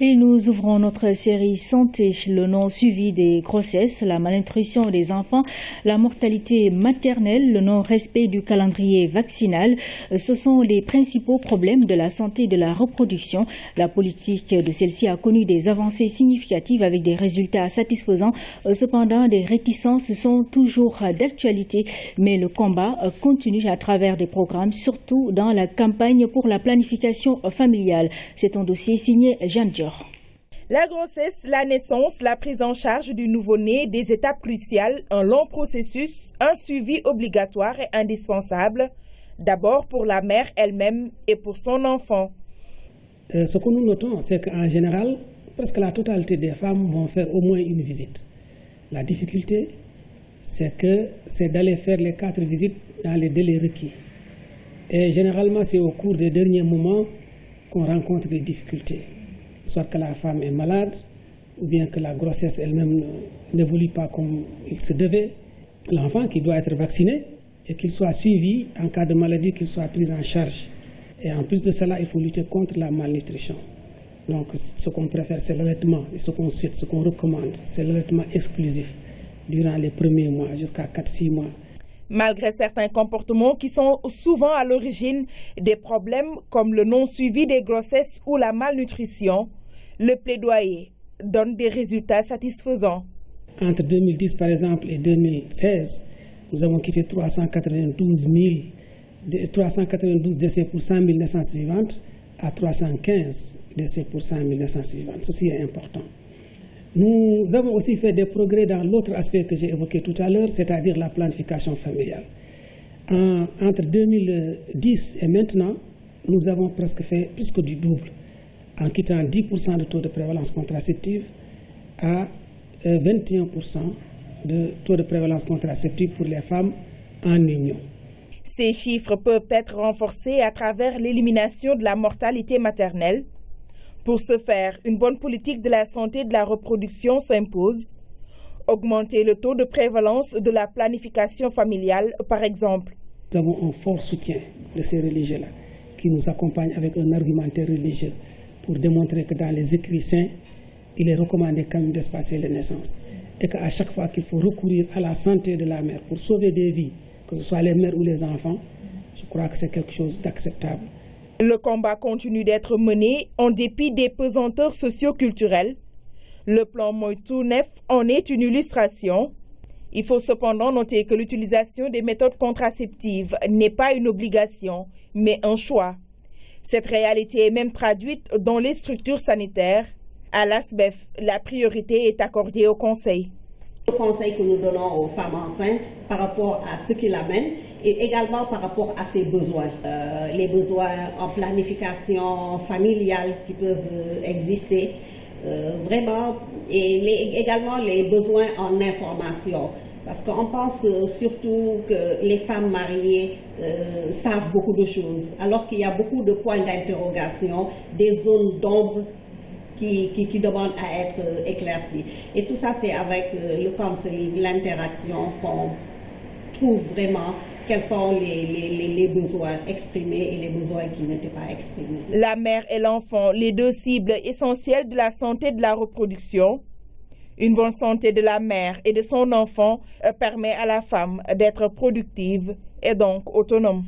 Et nous ouvrons notre série santé, le non suivi des grossesses, la malnutrition des enfants, la mortalité maternelle, le non-respect du calendrier vaccinal. Euh, ce sont les principaux problèmes de la santé et de la reproduction. La politique de celle-ci a connu des avancées significatives avec des résultats satisfaisants. Euh, cependant, des réticences sont toujours d'actualité, mais le combat euh, continue à travers des programmes, surtout dans la campagne pour la planification familiale. C'est un dossier signé Jeanne -Dieu. La grossesse, la naissance, la prise en charge du nouveau-né, des étapes cruciales, un long processus, un suivi obligatoire et indispensable, d'abord pour la mère elle-même et pour son enfant. Euh, ce que nous notons, c'est qu'en général, presque la totalité des femmes vont faire au moins une visite. La difficulté, c'est que c'est d'aller faire les quatre visites dans les délais requis. Et généralement, c'est au cours des derniers moments qu'on rencontre des difficultés soit que la femme est malade, ou bien que la grossesse elle-même n'évolue pas comme il se devait, l'enfant qui doit être vacciné et qu'il soit suivi en cas de maladie, qu'il soit pris en charge. Et en plus de cela, il faut lutter contre la malnutrition. Donc ce qu'on préfère, c'est l'allaitement. Et ce qu'on souhaite, ce qu'on recommande, c'est l'allaitement exclusif durant les premiers mois, jusqu'à 4-6 mois. Malgré certains comportements qui sont souvent à l'origine des problèmes comme le non-suivi des grossesses ou la malnutrition, le plaidoyer donne des résultats satisfaisants. Entre 2010 par exemple et 2016, nous avons quitté 392, 000, 392 décès pour 100 000 naissances vivantes à 315 décès pour 100 000 naissances vivantes. Ceci est important. Nous avons aussi fait des progrès dans l'autre aspect que j'ai évoqué tout à l'heure, c'est-à-dire la planification familiale. entre 2010 et maintenant, nous avons presque fait plus que du double en quittant 10% de taux de prévalence contraceptive à 21% euh, de taux de prévalence contraceptive pour les femmes en union. Ces chiffres peuvent être renforcés à travers l'élimination de la mortalité maternelle. Pour ce faire, une bonne politique de la santé et de la reproduction s'impose. Augmenter le taux de prévalence de la planification familiale, par exemple. Nous avons un fort soutien de ces religieux-là qui nous accompagnent avec un argumentaire religieux pour démontrer que dans les écrits saints, il est recommandé quand même d'espacer les naissances. Et qu'à chaque fois qu'il faut recourir à la santé de la mère pour sauver des vies, que ce soit les mères ou les enfants, je crois que c'est quelque chose d'acceptable. Le combat continue d'être mené en dépit des pesanteurs socioculturelles. Le plan Moïtou Nef en est une illustration. Il faut cependant noter que l'utilisation des méthodes contraceptives n'est pas une obligation, mais un choix. Cette réalité est même traduite dans les structures sanitaires. À l'ASBEF, la priorité est accordée au Conseil. Le conseil que nous donnons aux femmes enceintes par rapport à ce qu'il amène et également par rapport à ses besoins. Euh, les besoins en planification familiale qui peuvent euh, exister, euh, vraiment, et également les besoins en information. Parce qu'on pense euh, surtout que les femmes mariées euh, savent beaucoup de choses, alors qu'il y a beaucoup de points d'interrogation, des zones d'ombre qui, demandent à être euh, éclaircies. Et tout ça, c'est avec le counseling, l'interaction qu'on trouve vraiment quels sont les, les, besoins exprimés et les besoins qui n'étaient pas exprimés. La mère et l'enfant, les deux cibles essentielles de la santé de la reproduction, une bonne santé de la mère et de son enfant euh, permet à la femme d'être productive et donc autonome.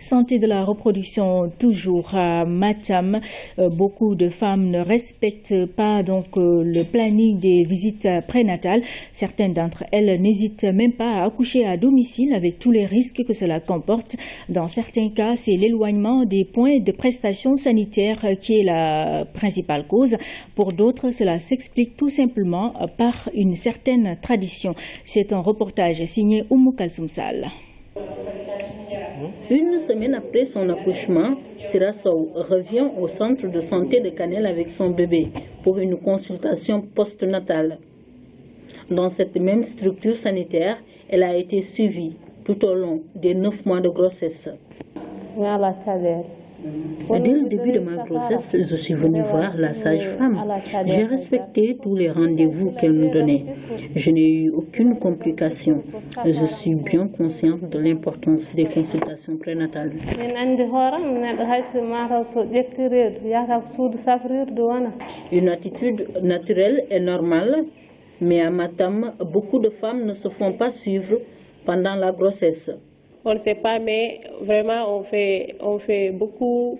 Santé de la reproduction toujours à Matam. Euh, beaucoup de femmes ne respectent pas donc euh, le planning des visites prénatales. Certaines d'entre elles n'hésitent même pas à accoucher à domicile avec tous les risques que cela comporte. Dans certains cas, c'est l'éloignement des points de prestation sanitaires qui est la principale cause. Pour d'autres, cela s'explique tout simplement par une certaine tradition. C'est un reportage signé Oumou Sal. Une semaine après son accouchement, Sirassou revient au centre de santé de Canel avec son bébé pour une consultation postnatale. Dans cette même structure sanitaire, elle a été suivie tout au long des neuf mois de grossesse. Dès le début de ma grossesse, je suis venue voir la sage-femme. J'ai respecté tous les rendez-vous qu'elle nous donnait. Je n'ai eu aucune complication. Je suis bien consciente de l'importance des consultations prénatales. Une attitude naturelle est normale, mais à Matam, beaucoup de femmes ne se font pas suivre pendant la grossesse on ne sait pas, mais vraiment, on fait, on fait beaucoup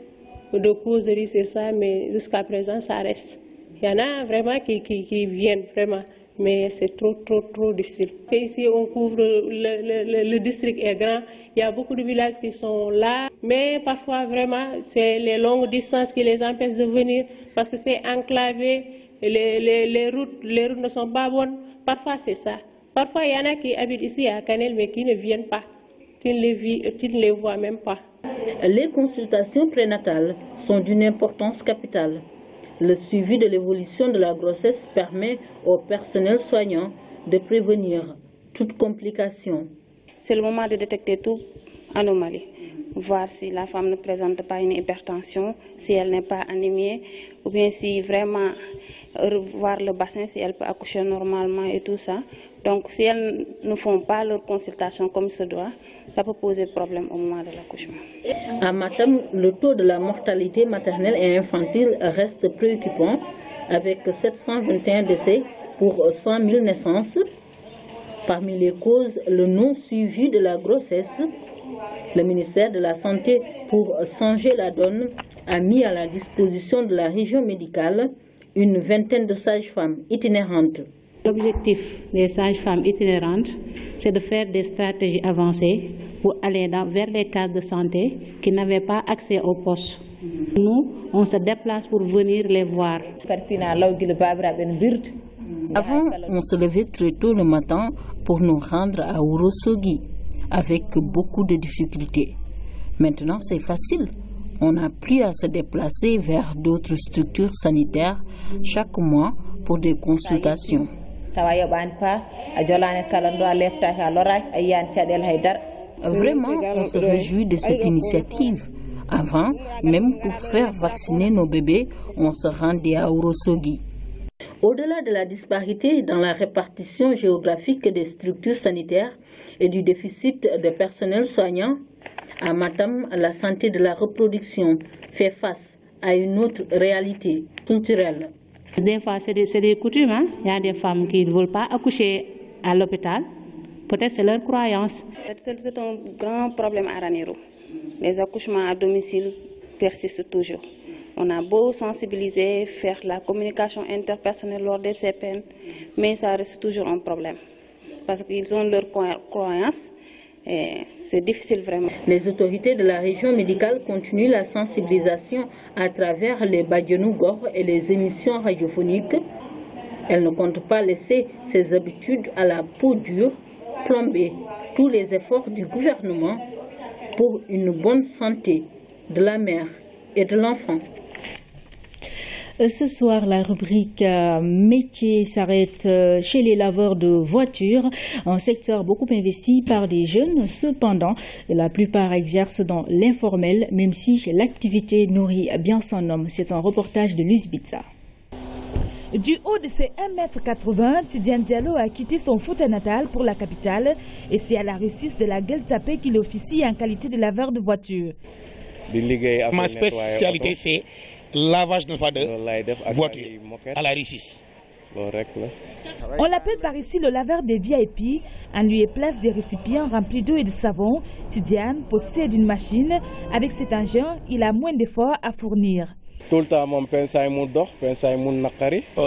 de causeries sur ça, mais jusqu'à présent, ça reste. Il y en a vraiment qui, qui, viennent, vraiment, mais c'est trop, trop, trop difficile. ici, on couvre, le, district est grand, il y a beaucoup de villages qui sont là, mais parfois, vraiment, c'est les longues distances qui les empêchent de venir parce que c'est enclavé, les, les, les, routes, les routes ne sont pas bonnes. Parfois, c'est ça. Parfois, il y en a qui habitent ici à Canel, mais qui ne viennent pas les, même pas. Les consultations prénatales sont d'une importance capitale. Le suivi de l'évolution de la grossesse permet au personnel soignant de prévenir toute complication. C'est le moment de détecter tout anomalie voir si la femme ne présente pas une hypertension, si elle n'est pas anémiée, ou bien si vraiment revoir le bassin, si elle peut accoucher normalement et tout ça. Donc, si elles ne font pas leur consultation comme se doit, ça peut poser problème au moment de l'accouchement. À Matam, le taux de la mortalité maternelle et infantile reste préoccupant, avec 721 décès pour 100 000 naissances. Parmi les causes, le non-suivi de la grossesse, le ministère de la Santé, pour changer la donne, a mis à la disposition de la région médicale une vingtaine de sages-femmes itinérantes. L'objectif des sages-femmes itinérantes, c'est de faire des stratégies avancées pour aller vers les cas de santé qui n'avaient pas accès aux postes. Nous, on se déplace pour venir les voir. Avant, on se levait très tôt le matin pour nous rendre à Urosogi, avec beaucoup de difficultés. Maintenant, c'est facile. On n'a plus à se déplacer vers d'autres structures sanitaires chaque mois pour des consultations. Vraiment, on se réjouit de cette initiative. Avant, même pour faire vacciner nos bébés, on se rendait à Orosogi. Au-delà de la disparité dans la répartition géographique des structures sanitaires et du déficit de personnel soignant, à Matam, la santé de la reproduction fait face à une autre réalité culturelle. Des fois, c'est des, coutumes. Hein. Il y a des femmes qui ne veulent pas accoucher à l'hôpital. Peut-être c'est leur croyance. C'est un grand problème à Ranero. Les accouchements à domicile persistent toujours. On a beau sensibiliser, faire la communication interpersonnelle lors des peines, mais ça reste toujours un problème parce qu'ils ont leur croyances et c'est difficile vraiment. Les autorités de la région médicale continuent la sensibilisation à travers les Gor et les émissions radiophoniques. Elles ne comptent pas laisser ces habitudes à la peau dure plomber tous les efforts du gouvernement pour une bonne santé de la mère et de l'enfant. Euh, ce soir, la rubrique euh, métier s'arrête euh, chez les laveurs de voitures, un secteur beaucoup investi par des jeunes. Cependant, la plupart exercent dans l'informel, même si l'activité nourrit bien son homme. C'est un reportage de l'USBITSA. Du haut de ses 1m80, Tidiane Diallo a quitté son foot natal pour la capitale et c'est à la réussite de la gueule qu'il officie en qualité de laveur de voitures. Ma spécialité, c'est lavage de voiture à la On l'appelle par ici le laveur des VIP. En lui et place des récipients remplis d'eau et de savon, Tidiane possède une machine. Avec cet engin, il a moins d'efforts à fournir tout le temps mon oh,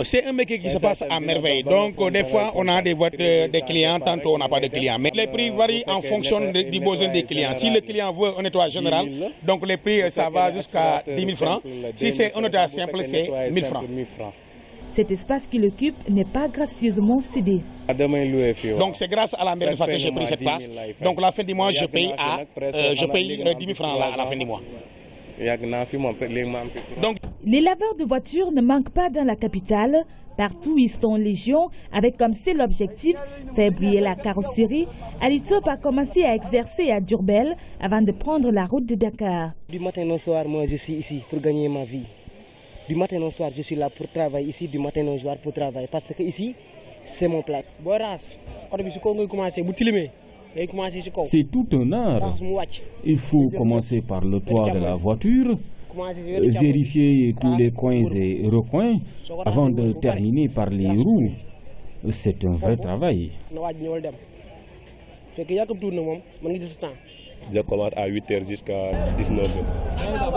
c'est un métier qui se passe à merveille donc des fois on a des boîtes euh, des clients tantôt on n'a pas de clients mais les prix varient en fonction du besoin des clients si le client veut un nettoyage général donc les prix ça va jusqu'à 10 000 francs si c'est un nettoyage simple c'est 1000 francs. Cet espace qu'il occupe n'est pas gracieusement cédé. Donc c'est grâce à la merveille que j'ai pris cette place. Donc euh, euh, à la fin du mois, je paye, à, je paye 10 000 francs à la fin du mois. Donc, les laveurs de voitures ne manquent pas dans la capitale. Partout, ils sont légion, avec comme c'est l'objectif, faire briller la carrosserie. Alitop a commencé à exercer à Durbel avant de prendre la route de Dakar. Du matin au soir, moi, je suis ici pour gagner ma vie. Du matin au soir, je suis là pour travailler ici, du matin au soir pour travailler. Parce que ici, c'est mon plat. Bon, on a vous c'est tout un art. Ah, il faut commencer par le toit de la voiture, vérifier tous les coins et recoins avant de terminer par les roues. C'est un vrai travail. Je commence à 8h jusqu'à 19h. Ah,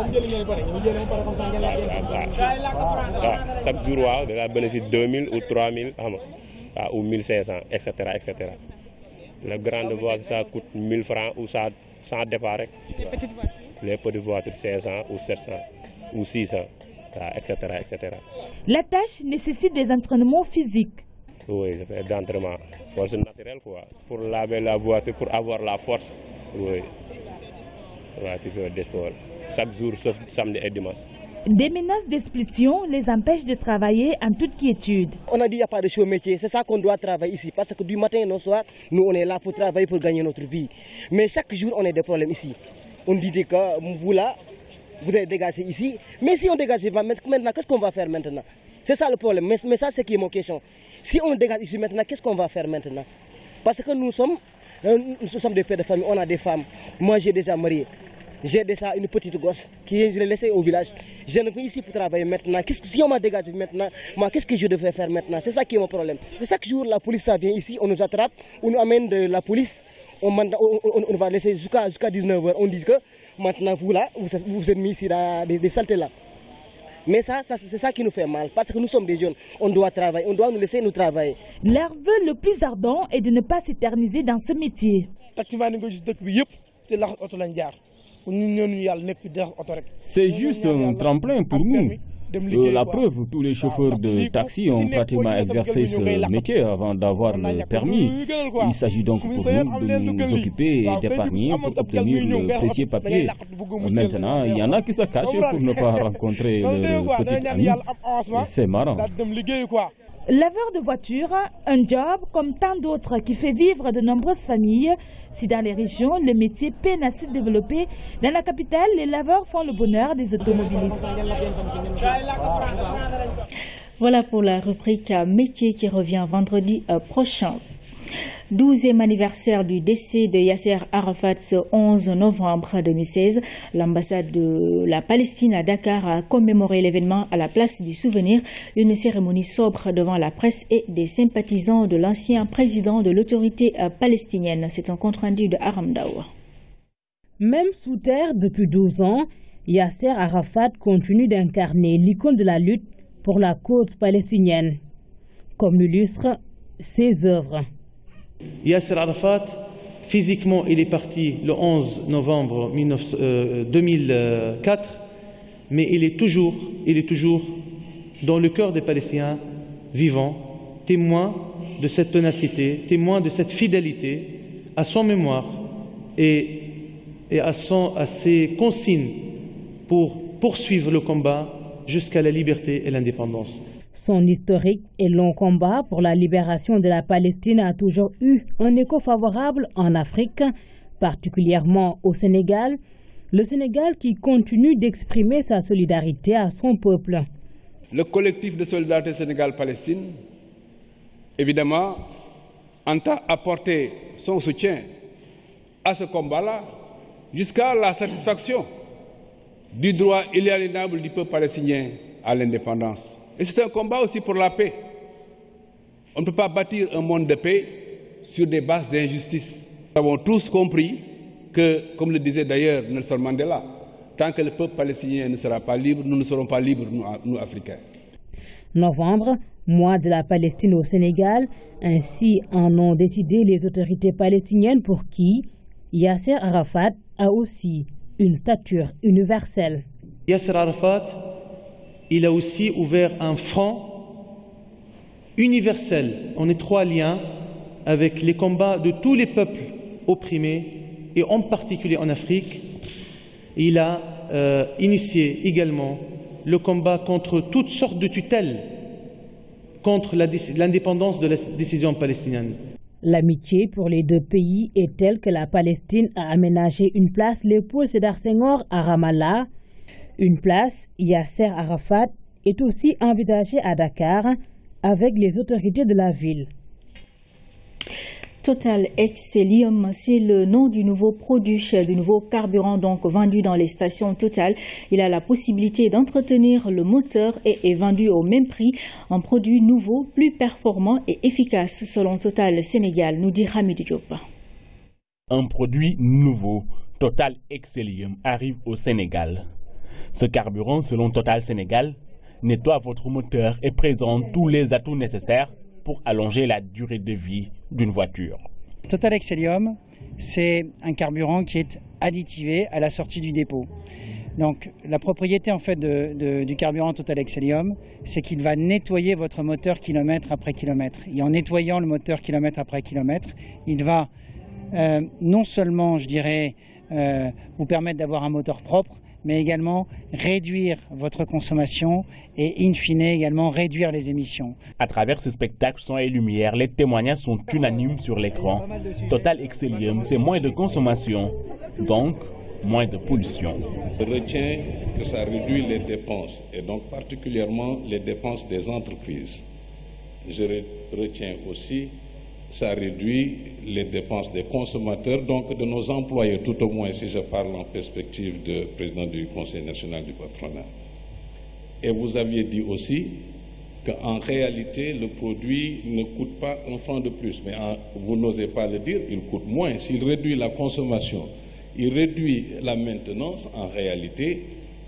ah, Chaque jour, je bénéficié de 2000 ou 3000 ou 1500, etc. etc. La grande voiture, ça coûte 1000 francs ou ça, sans départ. Les petites voitures Les petites voitures, 500 ou 700 ou 600, etc. etc. La tâche nécessite des entraînements physiques. Oui, d'entraînement. Force naturelle, quoi. Pour laver la voiture, pour avoir la force. Oui. tu fais des sports. Chaque jour, sauf samedi et dimanche. Des menaces d'expulsion les empêchent de travailler en toute quiétude. On a dit qu'il n'y a pas de chaud métier, c'est ça qu'on doit travailler ici. Parce que du matin au soir, nous on est là pour travailler, pour gagner notre vie. Mais chaque jour, on a des problèmes ici. On dit que vous là, vous êtes dégagé ici. Mais si on dégage maintenant, qu'est-ce qu'on va faire maintenant C'est ça le problème. Mais, mais ça, c'est qui est mon question. Si on dégage ici maintenant, qu'est-ce qu'on va faire maintenant Parce que nous sommes, euh, nous sommes des pères de famille, on a des femmes. Moi, j'ai déjà marié. J'ai déjà une petite gosse qui est laissée au village. Je ne vais ici pour travailler maintenant. si on m'a dégagé maintenant, moi, qu'est-ce que je devais faire maintenant C'est ça qui est mon problème. Chaque jour, la police vient ici, on nous attrape, on nous amène de la police, on, va laisser jusqu'à 19h. On dit que maintenant, vous là, vous, êtes mis ici dans des, saletés là. Mais ça, c'est ça qui nous fait mal, parce que nous sommes des jeunes. On doit travailler, on doit nous laisser nous travailler. Leur le plus ardent est de ne pas s'éterniser dans ce métier. C'est juste un tremplin pour nous. Euh, la preuve, tous les chauffeurs de taxi ont pratiquement exercé ce métier avant d'avoir le permis. Il s'agit donc pour nous de nous occuper et d'épargner pour obtenir le précieux papier. Maintenant, il y en a qui se cachent pour ne pas rencontrer le petit C'est marrant. Laveur de voitures, un job comme tant d'autres qui fait vivre de nombreuses familles. Si dans les régions, le métier peine à se développer, dans la capitale, les laveurs font le bonheur des automobilistes. Voilà pour la rubrique métier qui revient vendredi euh, prochain. 12e anniversaire du décès de Yasser Arafat ce 11 novembre 2016. L'ambassade de la Palestine à Dakar a commémoré l'événement à la place du souvenir, une cérémonie sobre devant la presse et des sympathisants de l'ancien président de l'autorité palestinienne. C'est un compte rendu de Daoua. Même sous terre depuis 12 ans, Yasser Arafat continue d'incarner l'icône de la lutte pour la cause palestinienne, comme l'illustrent ses œuvres. Yasser Arafat, physiquement, il est parti le 11 novembre 2004, euh, mais il est, toujours, il est toujours dans le cœur des Palestiniens vivants, témoin de cette tenacité, témoin de cette fidélité à son mémoire et, à ses consignes pour poursuivre le combat jusqu'à la liberté et l'indépendance. Son historique et long combat pour la libération de la Palestine a toujours eu un écho favorable en Afrique, particulièrement au Sénégal, le Sénégal qui continue d'exprimer sa solidarité à son peuple. Le collectif de solidarité Sénégal-Palestine, évidemment, entend apporter son soutien à ce combat-là jusqu'à la satisfaction du droit inaliénable du peuple palestinien à l'indépendance. Et c'est un combat aussi pour la paix. On ne peut pas bâtir un monde de paix sur des bases d'injustice. Nous avons tous compris que, comme le disait d'ailleurs Nelson Mandela, tant que le peuple palestinien ne sera pas libre, nous ne serons pas libres, nous, Africains. Novembre, mois de la Palestine au Sénégal, ainsi en ont décidé les autorités palestiniennes pour qui Yasser Arafat a aussi une stature universelle. Yasser Arafat il a aussi ouvert un front universel en étroit lien avec les combats de tous les peuples opprimés et en particulier en Afrique. Il a euh, initié également le combat contre toutes sortes de tutelles, contre l'indépendance de la décision palestinienne. L'amitié pour les deux pays est telle que la Palestine a aménagé une place l'épouse d'Arsenor à Ramallah une place, Yasser Arafat est aussi envisagée à Dakar avec les autorités de la ville. Total Excellium, c'est le nom du nouveau produit, du nouveau carburant donc vendu dans les stations Total. Il a la possibilité d'entretenir le moteur et est vendu au même prix. Un produit nouveau, plus performant et efficace selon Total Sénégal, nous dit Hamid Diop. Un produit nouveau, Total Excellium, arrive au Sénégal. Ce carburant, selon Total Sénégal, nettoie votre moteur et présente tous les atouts nécessaires pour allonger la durée de vie d'une voiture. Total Excellium, c'est un carburant qui est additivé à la sortie du dépôt. Donc la propriété en fait du carburant Total Excellium, c'est qu'il va nettoyer votre moteur kilomètre après kilomètre. Et en nettoyant le moteur kilomètre après kilomètre, il va euh, non seulement, je dirais, euh, vous permettre d'avoir un moteur propre, mais également réduire votre consommation et in fine également réduire les émissions. À travers ce spectacle son et lumière, les témoignages sont unanimes sur l'écran. Total Excellium, c'est moins de consommation, donc moins de pollution. Je retiens que ça réduit les dépenses et donc particulièrement les dépenses des entreprises. Je retiens aussi ça réduit les dépenses des consommateurs, donc de nos employés, tout au moins si je parle en perspective de président du Conseil national du patronat. Et vous aviez dit aussi qu'en réalité, le produit ne coûte pas un franc de plus. Mais vous n'osez pas le dire, il coûte moins. S'il réduit la consommation, il réduit la maintenance, en réalité,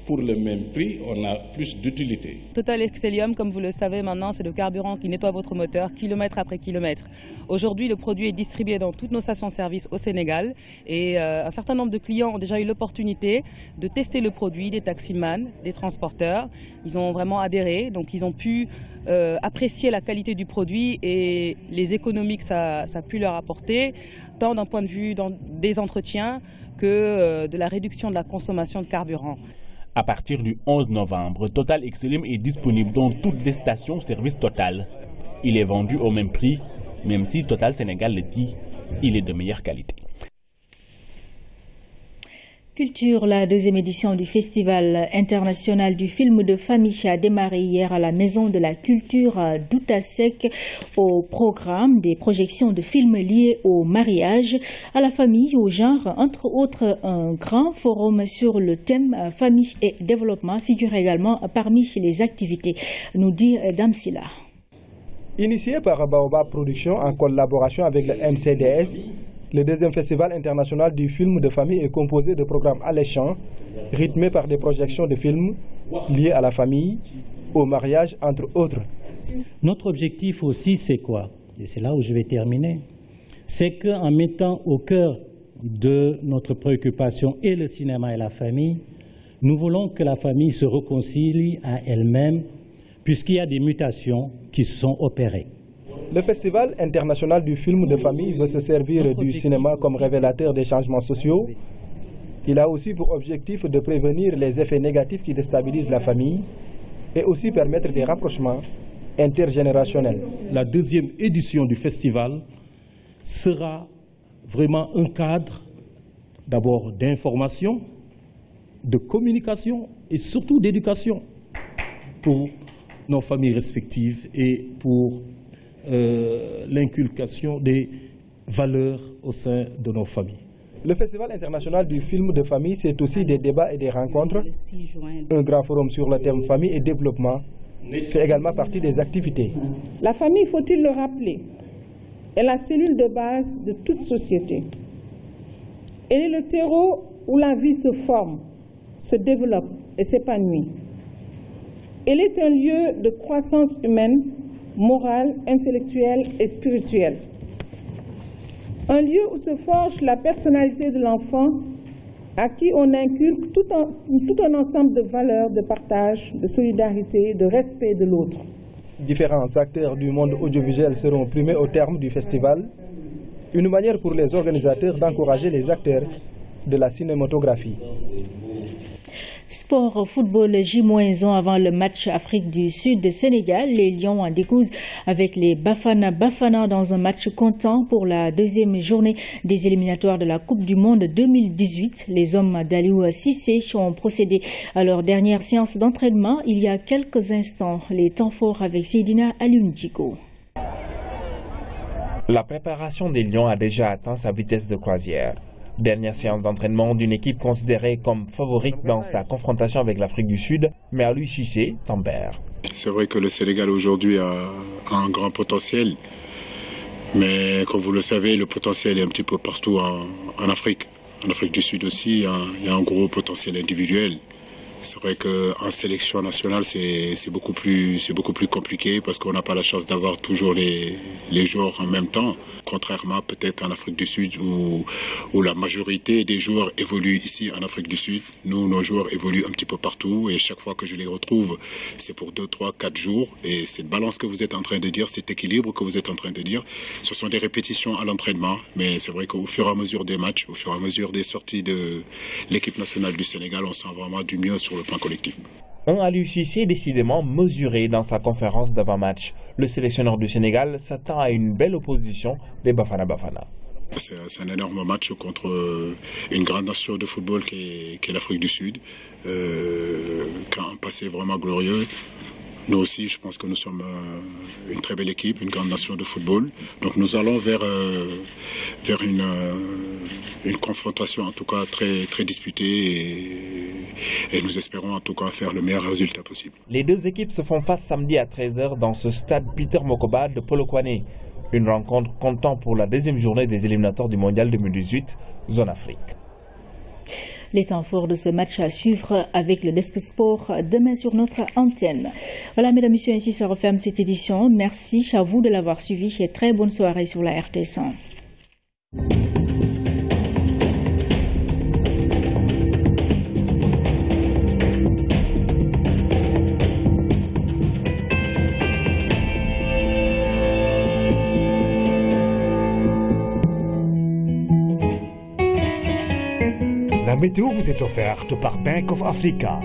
pour le même prix, on a plus d'utilité. Total Excellium, comme vous le savez maintenant, c'est le carburant qui nettoie votre moteur kilomètre après kilomètre. Aujourd'hui, le produit est distribué dans toutes nos stations-service au Sénégal et euh, un certain nombre de clients ont déjà eu l'opportunité de tester le produit, des taximans, des transporteurs. Ils ont vraiment adhéré, donc ils ont pu euh, apprécier la qualité du produit et les économies que ça, a pu leur apporter, tant d'un point de vue des entretiens que euh, de la réduction de la consommation de carburant à partir du 11 novembre. Total XLM est disponible dans toutes les stations service Total. Il est vendu au même prix, même si Total Sénégal le dit, il est de meilleure qualité. Culture, la deuxième édition du Festival international du film de famille, a démarré hier à la Maison de la Culture Doutasek au programme des projections de films liés au mariage, à la famille, au genre, entre autres un grand forum sur le thème famille et développement figure également parmi les activités, nous dit Damsila. Initié par Baobab Productions en collaboration avec le MCDS, le deuxième festival international du film de famille est composé de programmes alléchants, rythmés par des projections de films liés à la famille, au mariage, entre autres. Notre objectif aussi, c'est quoi Et c'est là où je vais terminer. C'est qu'en mettant au cœur de notre préoccupation et le cinéma et la famille, nous voulons que la famille se réconcilie à elle-même, puisqu'il y a des mutations qui sont opérées. Le Festival international du film de famille veut se servir du cinéma comme révélateur des changements sociaux. Il a aussi pour objectif de prévenir les effets négatifs qui déstabilisent la famille et aussi permettre des rapprochements intergénérationnels. La deuxième édition du festival sera vraiment un cadre d'abord d'information, de communication et surtout d'éducation pour nos familles respectives et pour euh, l'inculcation des valeurs au sein de nos familles. Le Festival international du film de famille, c'est aussi des débats et des rencontres. Un grand forum sur le thème famille et développement fait également partie des activités. La famille, faut-il le rappeler, est la cellule de base de toute société. Elle est le terreau où la vie se forme, se développe et s'épanouit. Elle est un lieu de croissance humaine morale, intellectuelle et spirituelle. Un lieu où se forge la personnalité de l'enfant à qui on inculque tout un, tout un, ensemble de valeurs de partage, de solidarité, de respect de l'autre. Différents acteurs du monde audiovisuel seront primés au terme du festival, une manière pour les organisateurs d'encourager les acteurs de la cinématographie. Sport football j avant le match Afrique du Sud de Sénégal. Les Lions en décousent avec les Bafana Bafana dans un match comptant pour la deuxième journée des éliminatoires de la Coupe du Monde 2018. Les hommes d'Aliou Sissé ont procédé à leur dernière séance d'entraînement il y a quelques instants. Les temps forts avec Sidina Alundjiko. La préparation des Lions a déjà atteint sa vitesse de croisière. Dernière séance d'entraînement d'une équipe considérée comme favorite dans sa confrontation avec l'Afrique du Sud, mais à lui c'est, tempère. C'est vrai que le Sénégal aujourd'hui a un grand potentiel, mais comme vous le savez, le potentiel est un petit peu partout en, Afrique. En Afrique du Sud aussi, il y a un gros potentiel individuel. C'est vrai qu'en sélection nationale, c'est beaucoup plus beaucoup plus compliqué parce qu'on n'a pas la chance d'avoir toujours les les joueurs en même temps. Contrairement peut-être en Afrique du Sud où où la majorité des joueurs évoluent ici en Afrique du Sud. Nous, nos joueurs évoluent un petit peu partout et chaque fois que je les retrouve, c'est pour 2, 3, 4 jours. Et cette balance que vous êtes en train de dire, cet équilibre que vous êtes en train de dire, ce sont des répétitions à l'entraînement. Mais c'est vrai qu'au fur et à mesure des matchs, au fur et à mesure des sorties de l'équipe nationale du Sénégal, on sent vraiment du mieux sur collectif. Un Aliou décidément mesuré dans sa conférence d'avant-match. Le sélectionneur du Sénégal s'attend à une belle opposition des Bafana Bafana. C'est un énorme match contre euh, une grande nation de football qui est, l'Afrique du Sud, qui euh, un passé vraiment glorieux, nous aussi, je pense que nous sommes euh, une très belle équipe, une grande nation de football. Donc nous allons vers, euh, vers une, euh, une confrontation en tout cas très, très disputée et, nous espérons en tout cas faire le meilleur résultat possible. Les deux équipes se font face samedi à 13h dans ce stade Peter Mokoba de Polokwane. Une rencontre comptant pour la deuxième journée des éliminatoires du Mondial 2018, zone Afrique. Les temps forts de ce match à suivre avec le Desk Sport demain sur notre antenne. Voilà, mesdames, messieurs, ainsi se referme cette édition. Merci à vous de l'avoir suivi et très bonne soirée sur la RT100. La météo vous est offerte par Bank of Africa.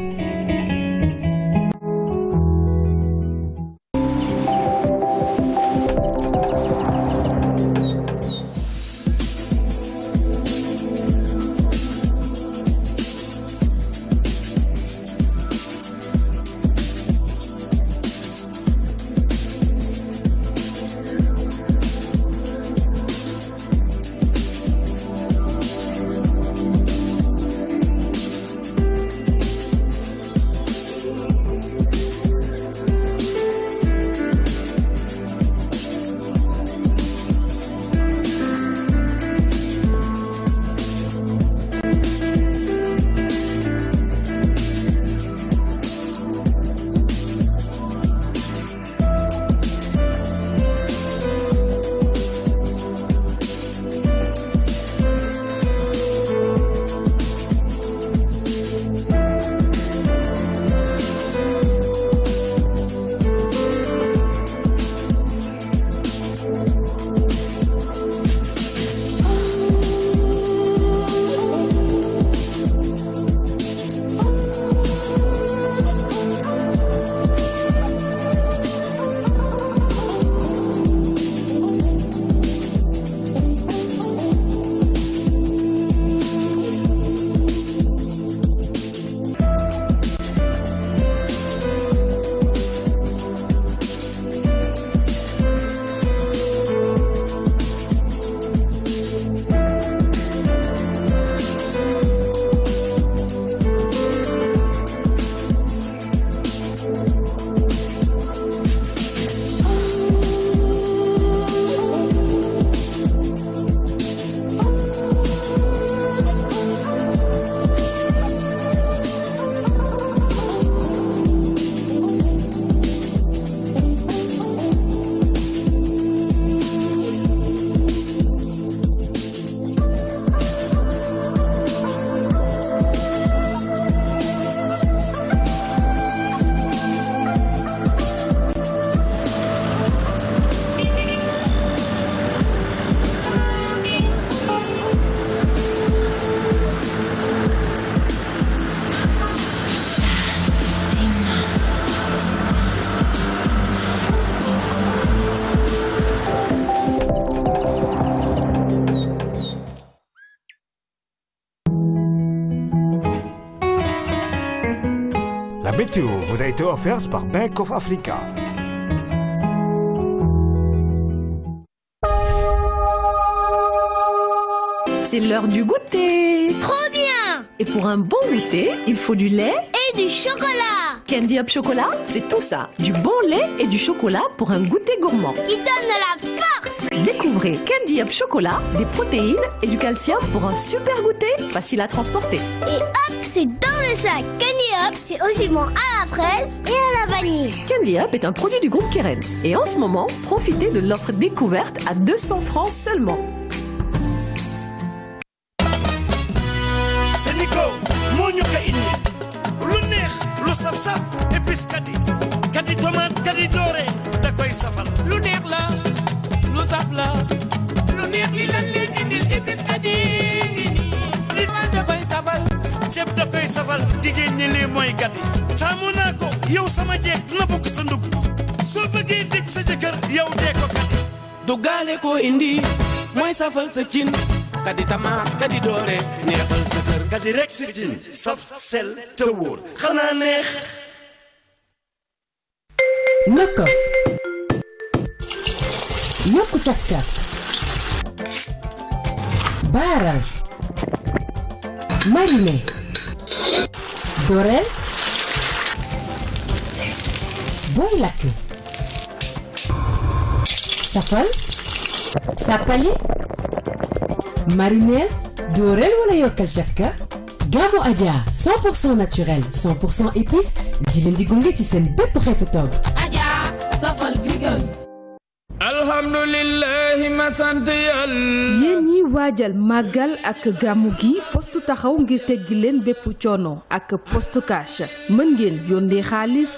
offerte par Bank of Africa. C'est l'heure du goûter Trop bien Et pour un bon goûter, il faut du lait et du chocolat Candy Up Chocolat, c'est tout ça Du bon lait et du chocolat pour un goûter gourmand Qui donne la Découvrez Candy Up Chocolat, des protéines et du calcium pour un super goûter facile à transporter. Et hop, c'est dans le sac Candy Up, c'est aussi bon à la fraise et à la vanille. Candy Up est un produit du groupe Keren. Et en ce moment, profitez de l'offre découverte à 200 francs seulement. ne lee mooy gat yi neexal sa kër baaral marine Dorel, la queue. safal Sapali. Marinelle. Dorel wala yokkal cafka gavo Adia, 100% naturel 100% épice di en di adia c'est une safal bigon. alhamdulilah ma sant waajal màggal ak gàmmu gi poste taxaw ngir teggi leen bépp coono ak poste cash mën ngeen yónnee xaalis.